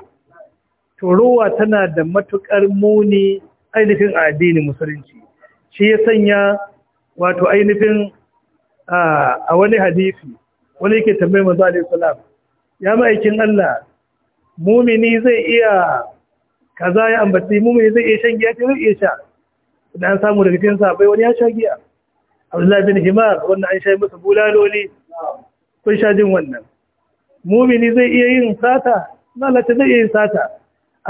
to rowa tana da matuƙar muni ainihin addinin musulunci shi ya sanya wato ainihin a wani hadisi wani yake tambayar manzo alaihi salam ya ma'aikin Allah mumini zai iya kaza ya ambaci mumini zai iya shan giya ta zai iya sha idan an samu daga cikin sabai wani ya sha giya Abdullahi bin Himar wannan an sha masa bulaloli kun sha jin wannan mumini zai iya yin sata lalace zai iya yin sata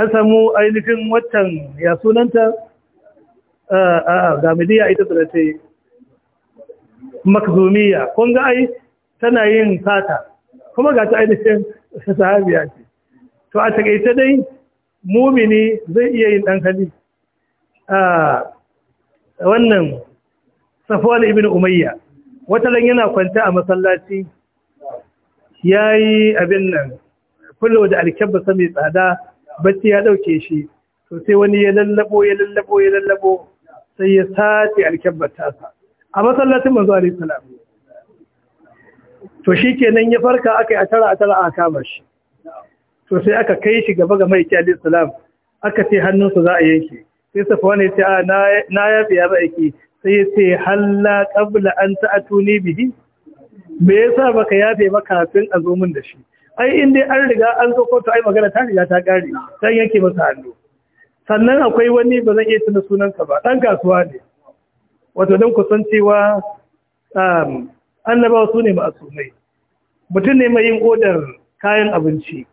an samu ainihin waccan ya sunanta a gamidiya ita da ta yi makzumiya kun ga ai tana yin sata kuma ga ta ainihin sahabiya ce to a takaice dai mumini zai iya yin ɗan hali wannan da ibini umayya watalan yana kwanta a masallaci ya yi abin nan kullum da sa mai tsada bacci ya ɗauke shi to sai wani ya lallabo ya lallabo ya lallabo sai ya sace ta sa a masallacin manzo alayhi salam to shikenan ya farka aka yi a tara a tara a kama shi to sai aka kai shi gaba ga mai alaihi salam aka ce hannunsa za a yanke sai safuwa ya ce a na yafi ya ba aiki sai ya ce halla qabla an ta'atuni bihi me yasa baka yafe ba kafin a zo min da shi ai in dai an riga an zo kotu ai magana ta riga ta kare dan yake masa hannu sannan akwai wani ba zan iya tuna ka ba dan kasuwa ne wato dan san cewa um, annaba su ne ma'asumai mutum ne mai yin odar kayan abinci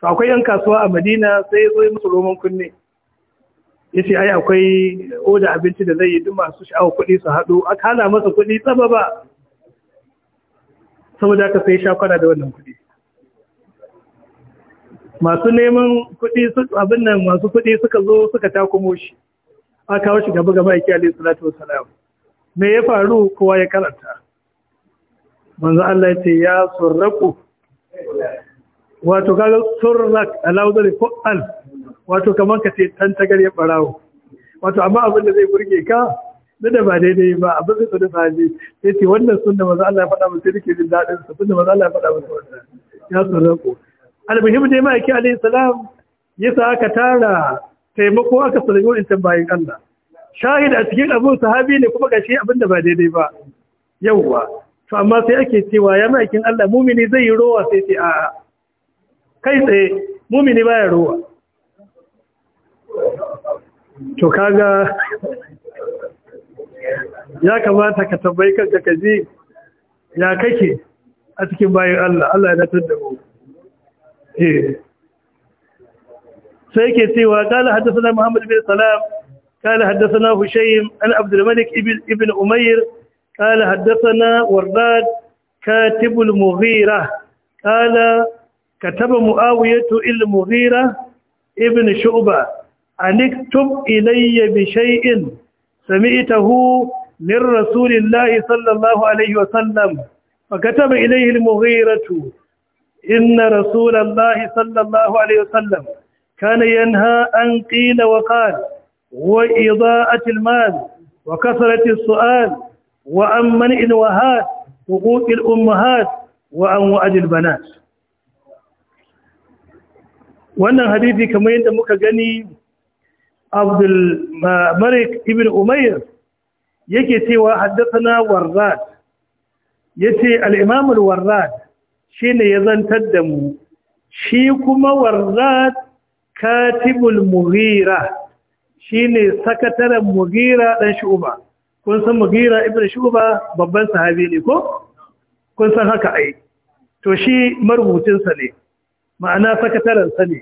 to akwai yan kasuwa a madina sai ya zo yi musu roman kunne ya ai akwai oda abinci da zai yi duk masu sha'awar kuɗi su haɗu a kana masa kuɗi tsaba ba saboda haka sai shakwara da wannan kuɗi masu neman kuɗi abin nan masu kuɗi suka zo suka takumo shi aka kawo shi gaba gaba yake alaihi salatu wassalam me ya faru kowa ya karanta manzo Allah ya ce ya surraku wato kaga surrak alawdari fu'al wato kamar ka ce tantagar ya barawo wato amma abin da zai burge ka duk da ba daidai ba abin da tsadu sahabi ya ce wannan sunna maza Allah ya faɗa musu rike jin daɗin sa sunna maza Allah ya faɗa musu wannan ya tsoro ko almuhim dai ma'aiki alayhi salam ya sa aka tara taimako aka sarrafa wa'incan bayan Allah shahid a cikin abin sahabi ne kuma gashi abin da ba daidai ba ba, to amma sai ake cewa ya ma'aikin Allah mumini zai yi rowa sai ce a kai tsaye mumini baya rowa to kaga ya kamata ka tambayi kanka ka ji ya kake a cikin bayan Allah Allah ya datar da mu eh sai yake cewa qala haddathana Muhammad bin Salam qala haddathana Hushaym an Abdul Malik ibn ibn Umayr qala haddathana Wardad katib al-Mughira qala kataba Muawiyah al-Mughira ibn Shu'ba an iktub ilayya bi shay'in sami'tahu من رسول الله صلى الله عليه وسلم فكتب إليه المغيرة إن رسول الله صلى الله عليه وسلم كان ينهى أن قيل وقال وإضاءة المال وكثرة السؤال وعن منع الوهات حقوق الأمهات وعن وعد البنات وأن hadisi كما ينتمك جني عبد الملك ابن أمير yake cewa haddathana warrad yace al-imam al-warrad shine ya zantar da mu shi kuma warrad katibul mughira shine sakataren mughira dan shu'ba kun san mughira ibn shu'ba babban sahabi ne ko kun san haka ai to shi marubucin sa ne ma'ana sakataren sa ne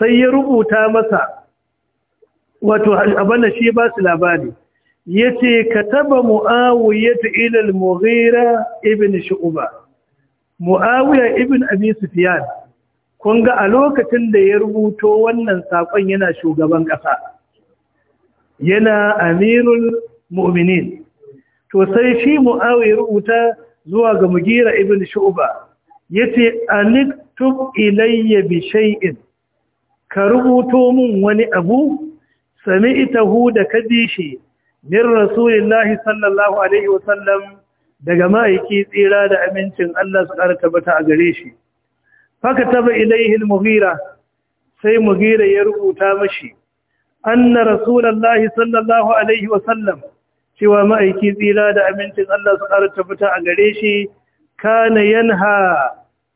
sai ya rubuta masa wato abana shi ba su labari yace kataba muawiya ila al-mughira ibn shu'ba muawiya ibn abi sufyan kun ga a lokacin da ya rubuto wannan sakon yana shugaban kasa yana amirul mu'minin to sai shi muawiya rubuta zuwa ga mugira ibn shu'ba yace aniktub ilayya bi shay'in ka rubuto mun wani abu sami'tahu da kadishi min rasulillahi sallallahu alaihi wa sallam daga ma'aiki tsira da amincin Allah su ƙarka bata a gare shi faka taba ilaihil mughira sai mughira ya rubuta mashi anna rasulullahi sallallahu alaihi wa sallam cewa ma'aiki tsira da amincin Allah su ƙarka bata a gare shi kana yanha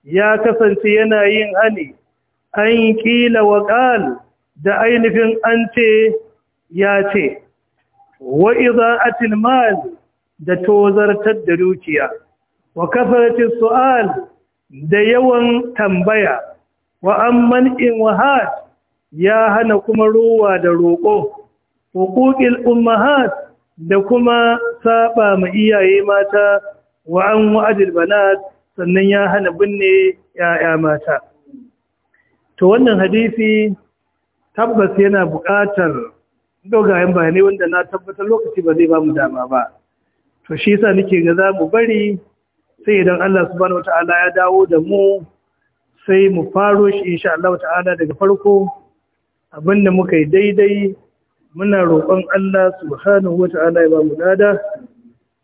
ya kasance yana yin hani an kila wa da ainihin an ce ya ce wa idha'atil mal da tozartar da dukiya wa kafaratis su'al da yawan tambaya wa amman in wahad ya hana kuma ruwa da roƙo huquqil ummahat da kuma saba ma iyaye mata wa an wa'adil banat sannan ya hana binne ya'ya mata to wannan hadisi tabbas yana buƙatar dogayen bayanai wanda na tabbatar lokaci ba zai ba mu dama ba to shi yasa nake ga za mu bari sai idan Allah subhanahu wata'ala ya dawo da mu sai mu faro shi insha Allah ta'ala daga farko abinda muka yi daidai muna roƙon Allah subhanahu wata'ala ya ba mu dada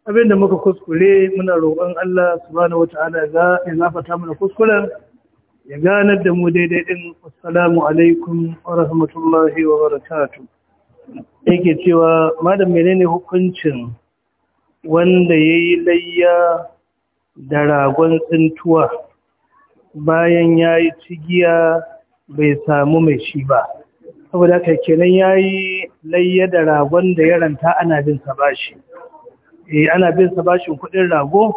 abinda muka kuskure muna roƙon Allah subhanahu wata'ala ya zafata mana kuskuren ya ganar da mu daidai din assalamu alaikum wa rahmatullahi wa barakatuh yake cewa malam menene hukuncin wanda ya yi layya da ragon tsintuwa bayan ya yi cigiya bai samu mai shi ba saboda haka kenan ya yi layya da ragon da ya ranta ana bin sa bashi eh ana bin sa bashin kudin rago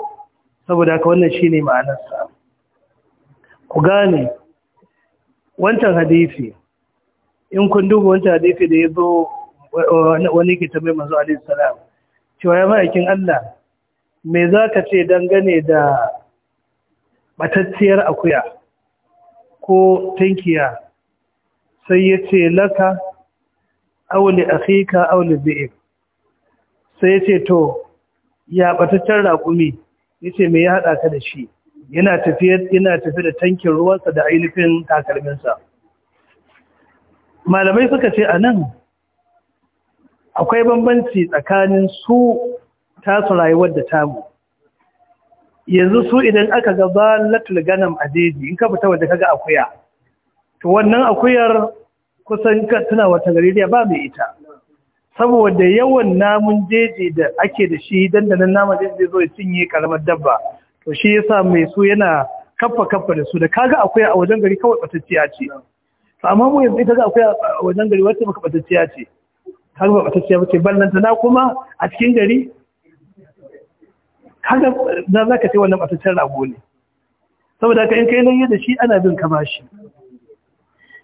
saboda haka wannan shine ma'anarsa ku gane wancan hadisi in kun duba wancan hadisi da ya zo wani ke tambayi manzo alaihi salam cewa ya ma'aikin Allah me za ka ce dangane da batacciyar akuya ko tankiya sai ya ce laka auli akhika auli bi'ik sai ya ce to ya batacciyar raƙumi ya ce me ya haɗa ka da shi yana tafi da tankin ruwansa da ainihin takalminsa malamai suka ce a nan akwai bambanci tsakanin su tasu rayuwar da tamu yanzu su idan aka ga latul ganam a jeji in ka fita wanda ga akuya to wannan akuyar kusan ka tana wata gariya ba mai ita saboda yawan namun jeji da ake da shi nan namun jeji zai cinye karamar dabba to shi yasa mai su yana kaffa kaffa da su da kaga akuya a wajen gari kawai batacciya ce to amma mu yanzu ita ga akuya a wajen gari wacce baka batacciya ce kalma ba batacciya bace ballanta na kuma a cikin gari kaga na zaka ce wannan bataccen rago ne saboda ka in kai laye yadda shi ana bin shi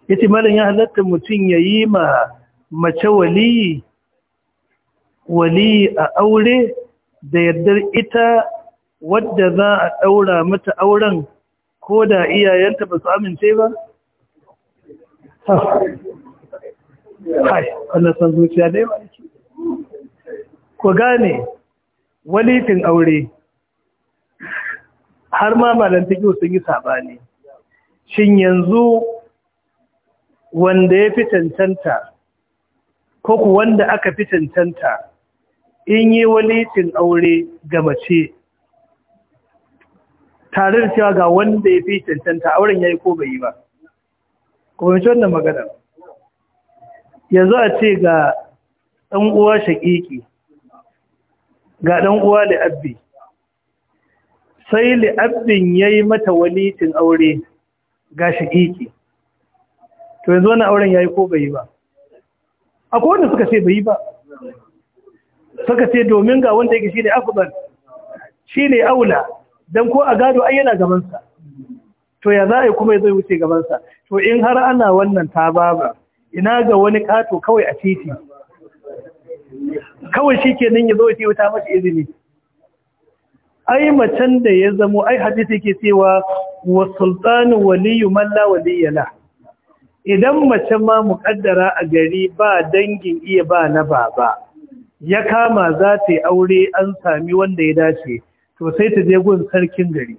ya ce malam ya halatta ya yayi ma mace waliyi wali a aure da yardar ita wadda za a ɗaura mata auren ko da iyayenta ba su amince ba da yawa ku gane walifin aure har ma malam sun yi sabani shin yanzu wanda ya fi cancanta ko ku wanda aka fi cancanta in yi walicin aure ga mace tare da cewa ga wanda ya fi cancanta auren ya yi ko bai yi ba. Kuma mace wannan magana. yanzu a ce ga ɗan uwa shaƙiƙi ga ɗan uwa li'abbi sai li'abbin ya yi mata walitin aure ga shaƙiƙi to yanzu wani auren ya yi ko bai yi ba ko wanda suka ce bai yi ba suka ce domin ga wanda yake shi ne afubar shi ne aula don ko a gado an yana gabansa to ya za a yi kuma ya zai wuce gabansa to in har ana wannan ta baba ina ga wani kato kawai a titi kawai shi ke kenan ya zo ya wata mata izini ai macen da ya zamo ai hadisi ke cewa wa sultanu waliyu man la waliyala idan mace ma muƙaddara a gari ba dangin iya ba na baba ya kama za ta yi aure an sami wanda ya dace to sai ta je gun sarkin gari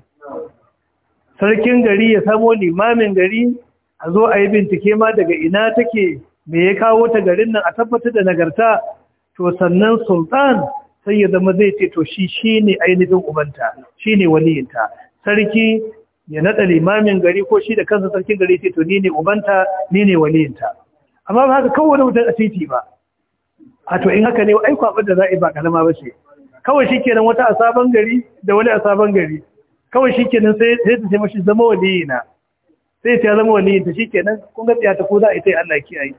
sarkin gari ya samo limamin gari a zo a yi bincike ma daga ina take me ya kawo ta garin nan a tabbatar da nagarta to sannan sultan sai ya zama zai ce to shi shi ne ainihin ubanta shi ne waliyinta sarki ya naɗa limamin gari ko shi da kansa sarkin gari ce to ni ne ubanta ni ne waliyinta amma ba haka kawai wutar a titi ba a to in haka ne ai kwabar da za a yi ba kalama ba ce kawai shi kenan wata a sabon gari da wani a sabon gari kawai shi kenan sai ta ce mashi zama waliyina sai ta zama waliyin ta kenan kun ga tsaya ta ko za a ta yi Allah kiyaye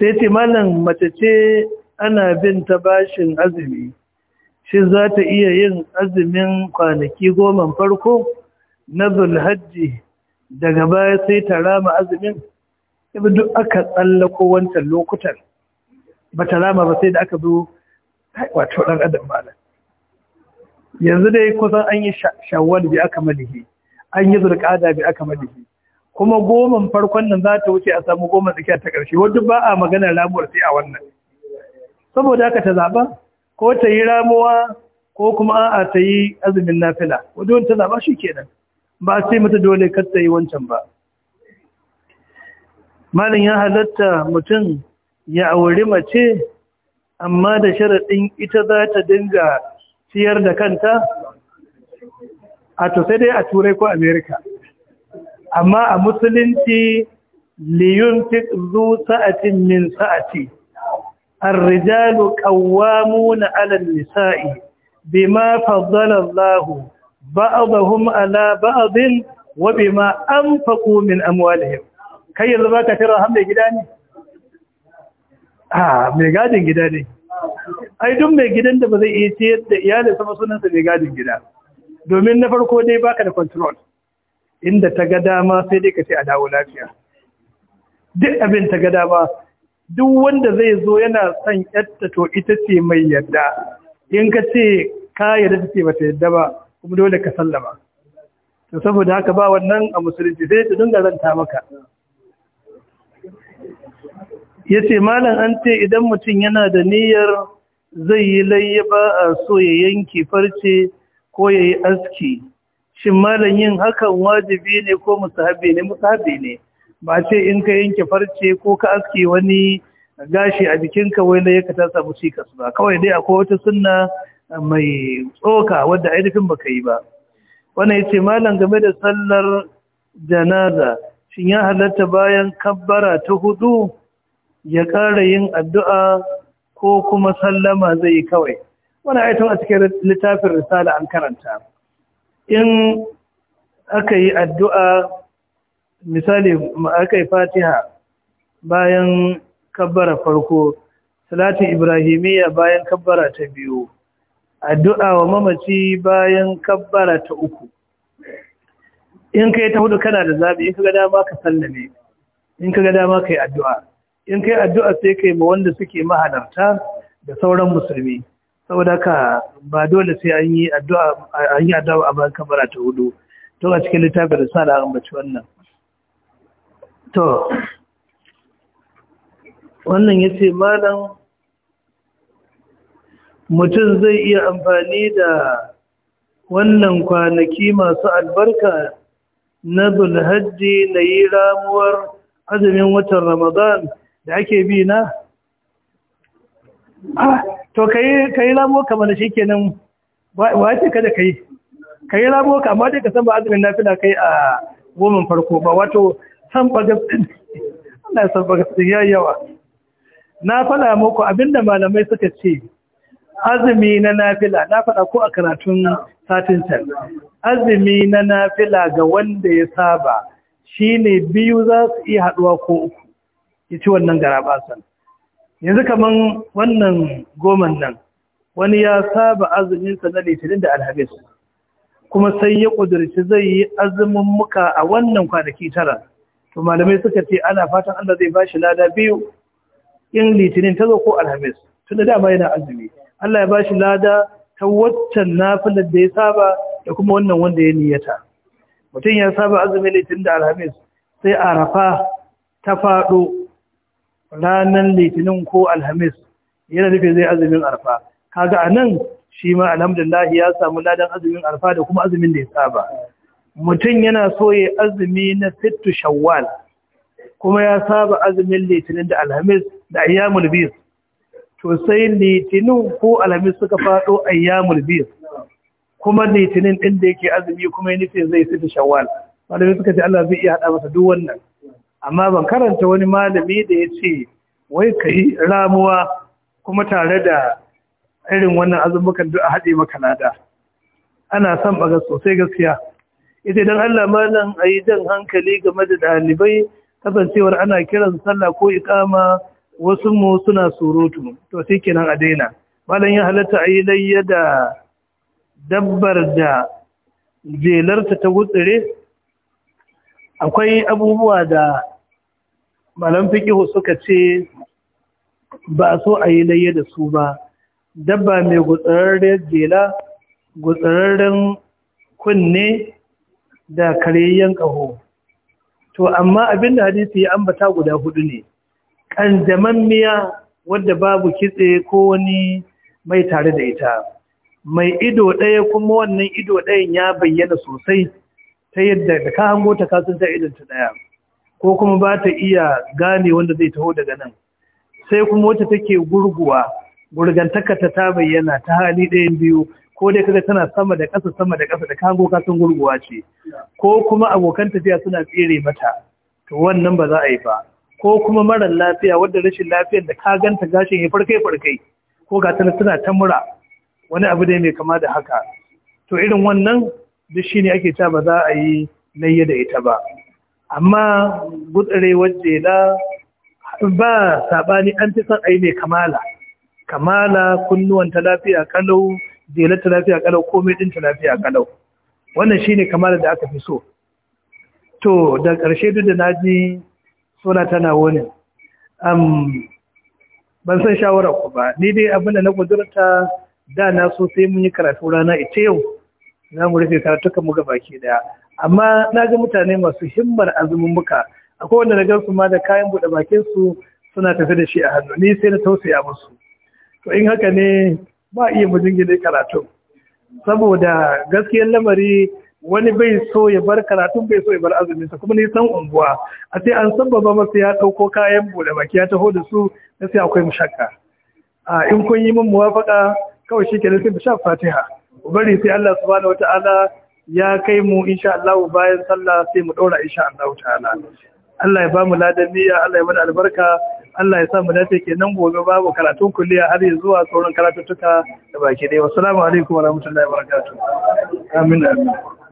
sai ce malam mace ce ana bin ta bashin azumi shi za ta iya yin azumin kwanaki goma farko na zulhajji daga baya sai ta rama azumin ibi duk aka tsallako wancan lokutan ba ta rama ba sai da aka zo wato ɗan adam ba. yanzu dai kusan an yi shawwal bi aka malihi an yi zurƙada bi aka malihi kuma goman farkon nan za ta wuce a samu goma tsakiya ta ƙarshe wadda ba a magana ramuwar sai a wannan saboda aka ta zaɓa ko ta yi ramuwa ko kuma a'a ta yi azumin nafila wadda wani ta zaɓa shi kenan ba sai mata dole kar ta yi wancan ba malin ya halatta mutum ya auri mace amma da sharaɗin ita za ta dinga ciyar da kanta a to dai a turai ko amerika amma a musulunci liyun fi zu sa'atin min sa'ati الرجال قوامون على النساء بما فضل الله بعضهم على بعض وبما أنفقوا من أموالهم kai yanzu baka tira ham mai gida ne ah mai gadin gida ne ai duk mai gidan da ba zai iya ciyar yadda iyalin sama sunansa mai gadin gida domin na farko dai baka da control inda ta ga dama sai dai ka ce a dawo lafiya duk abin ta ga dama duk wanda zai zo yana son 'yarta to ita ce mai yadda in ka ce ka yarda ta ce bata yadda ba kuma dole ka sallama to saboda haka ba wannan a musulunci sai ta dinga zanta maka yace malam an ce idan mutum yana da niyyar zai yi layyaba a so ya yanke farce ko ya yi aski shin malam yin hakan wajibi ne ko musahabi ne musahabi ne ba ce in ka yanke farce ko ka aski wani gashi a jikinka wai na ka ta samu cikas ba kawai dai akwai wata sunna mai tsoka wadda ainihin baka yi ba wannan yace malam game da sallar janaza shin ya halatta bayan kabbara ta hudu ya ƙara yin addu'a ko kuma sallama zai yi kawai wani ayatun a cikin littafin risala an karanta in aka yi addu'a misali aka yi fatiha bayan kabbara farko salatin ibrahimiyya bayan kabbara ta biyu addu'a wa mamaci bayan kabbara ta uku in yi ta hudu kana da zabi in kaga dama ka sallame in kaga dama yi addu'a in kai addu'a sai ka yi ma wanda suke mahalarta da sauran musulmi saboda ka, ba dole sai an yi addu'a an yi addu'a a bayan kamar ta hudu to a cikin littafin da sa da bace wannan to wannan yace malam mutum zai iya amfani da wannan kwanaki masu albarka na zulhajji na yi ramuwar azumin watan ramadan da ake bi na ah, to kai kai rabo ka ke nan wace ka da ka yi ka yi? amma dai ka san ba azumin nafila kai a gomin farko ba wato san bagas din san bagas din yawa na fada muku abinda malamai suka ce azumi na nafila na fada ko a karatun satin can azumi na nafila ga wanda ya saba shine biyu za su iya haduwa ko uku ci wannan garabasan yanzu kaman wannan goman nan wani ya saba azuminsa na litinin da alhamis kuma sai ya ƙudurci zai yi azumin muka a wannan kwanaki tara to malamai suka ce ana fatan Allah zai bashi lada biyu in litinin ta zo ko alhamis tunda dama yana azumi Allah ya bashi lada ta waccan nafilar da ya saba da kuma wannan wanda ya niyyata mutum ya saba azumin litinin da alhamis sai arafa ta faɗo ranar litinin ko alhamis yana nufin zai azumin arfa kaga a nan shi ma alhamdulillah ya samu ladan azumin arfa da kuma azumin da ya saba mutum yana so azumi na fitu shawwal kuma ya saba azumin litinin da alhamis da ayyamul bis to sai litinin ko alhamis suka faɗo ayyamul bis kuma litinin ɗin da yake azumi kuma ya nufi zai fitu shawwal malami suka ce Allah zai iya hada masa duk wannan amma ban karanta wani malami da ya ce wai ka yi ramuwa kuma tare da irin wannan azumukan duk a haɗe maka lada ana son baga sosai gaskiya ita idan allah malam a yi jan hankali game da ɗalibai kasancewar ana kiran sallah ko ikama wasu mu suna surutu to sai kenan a daina malam ya halatta a yi layya da dabbar da jelarta ta gutsire akwai abubuwa da malam fikihu suka ce ba so a yi laye da su ba dabba mai gutsararren jela gutsararren kunne da kareyyen ƙaho to amma abinda hadisi ya ambata guda hudu ne miya wadda babu kitse ko wani mai tare da ita mai ido ɗaya kuma wannan ido ɗayan ya bayyana sosai ta yadda da ka hango ta kasan ta idan ta daya ko kuma ba ta iya gane wanda zai taho daga nan sai kuma wata take gurguwa gurgantaka ta ta bayyana ta hali ɗayan biyu ko dai kaga tana sama da ƙasa sama da ƙasa da ka hango kasan gurguwa ce ko kuma abokan tafiya suna tsere mata to wannan ba za a yi ba ko kuma marar lafiya wadda rashin lafiyar da ka ganta gashin ya farkai farkai ko ga tana tana ta mura wani abu dai mai kama da haka to irin wannan duk shi ne ake ta ba za a yi layya da ita ba amma gutsare wajen da ba saɓani an fi son a yi mai kamala kamala kunnuwan ta lafiya kalau jela ta lafiya kalau komai ɗin ta lafiya kalau wannan shi ne kamala da aka fi so to da ƙarshe duk da na ji suna tana wani ban san shawarar ku ba ni dai abin da na kudurta da na so sai mun yi karatu rana ita yau za mu rufe karatukan muga baki daya amma na ga mutane masu himmar azumin muka akwai wanda na gansu ma da kayan buɗe bakin su suna tafi da shi a hannu ni sai na tausaya musu to in haka ne ba iya mu jingine karatu saboda gaskiyar lamari wani bai so ya bar karatun bai so ya bar azumin sa kuma ni san unguwa a sai an sababa masa ya ɗauko kayan buɗe baki ya taho da su sai akwai mushakka a in kun yi min muwafaka kawai shi ke sai mu sha fatiha bari sai Allah subhanahu wata'ala ya kai mu insha Allah bayan sallah sai mu daura insha Allah ta'ala Allah ya ba mu ladaniya Allah ya mana albarka Allah ya sa mu dace kenan gobe babu karatun kulliya har ya zuwa sauran karatuttuka da baki dai wassalamu alaikum wa wa wabarakatuh amin amin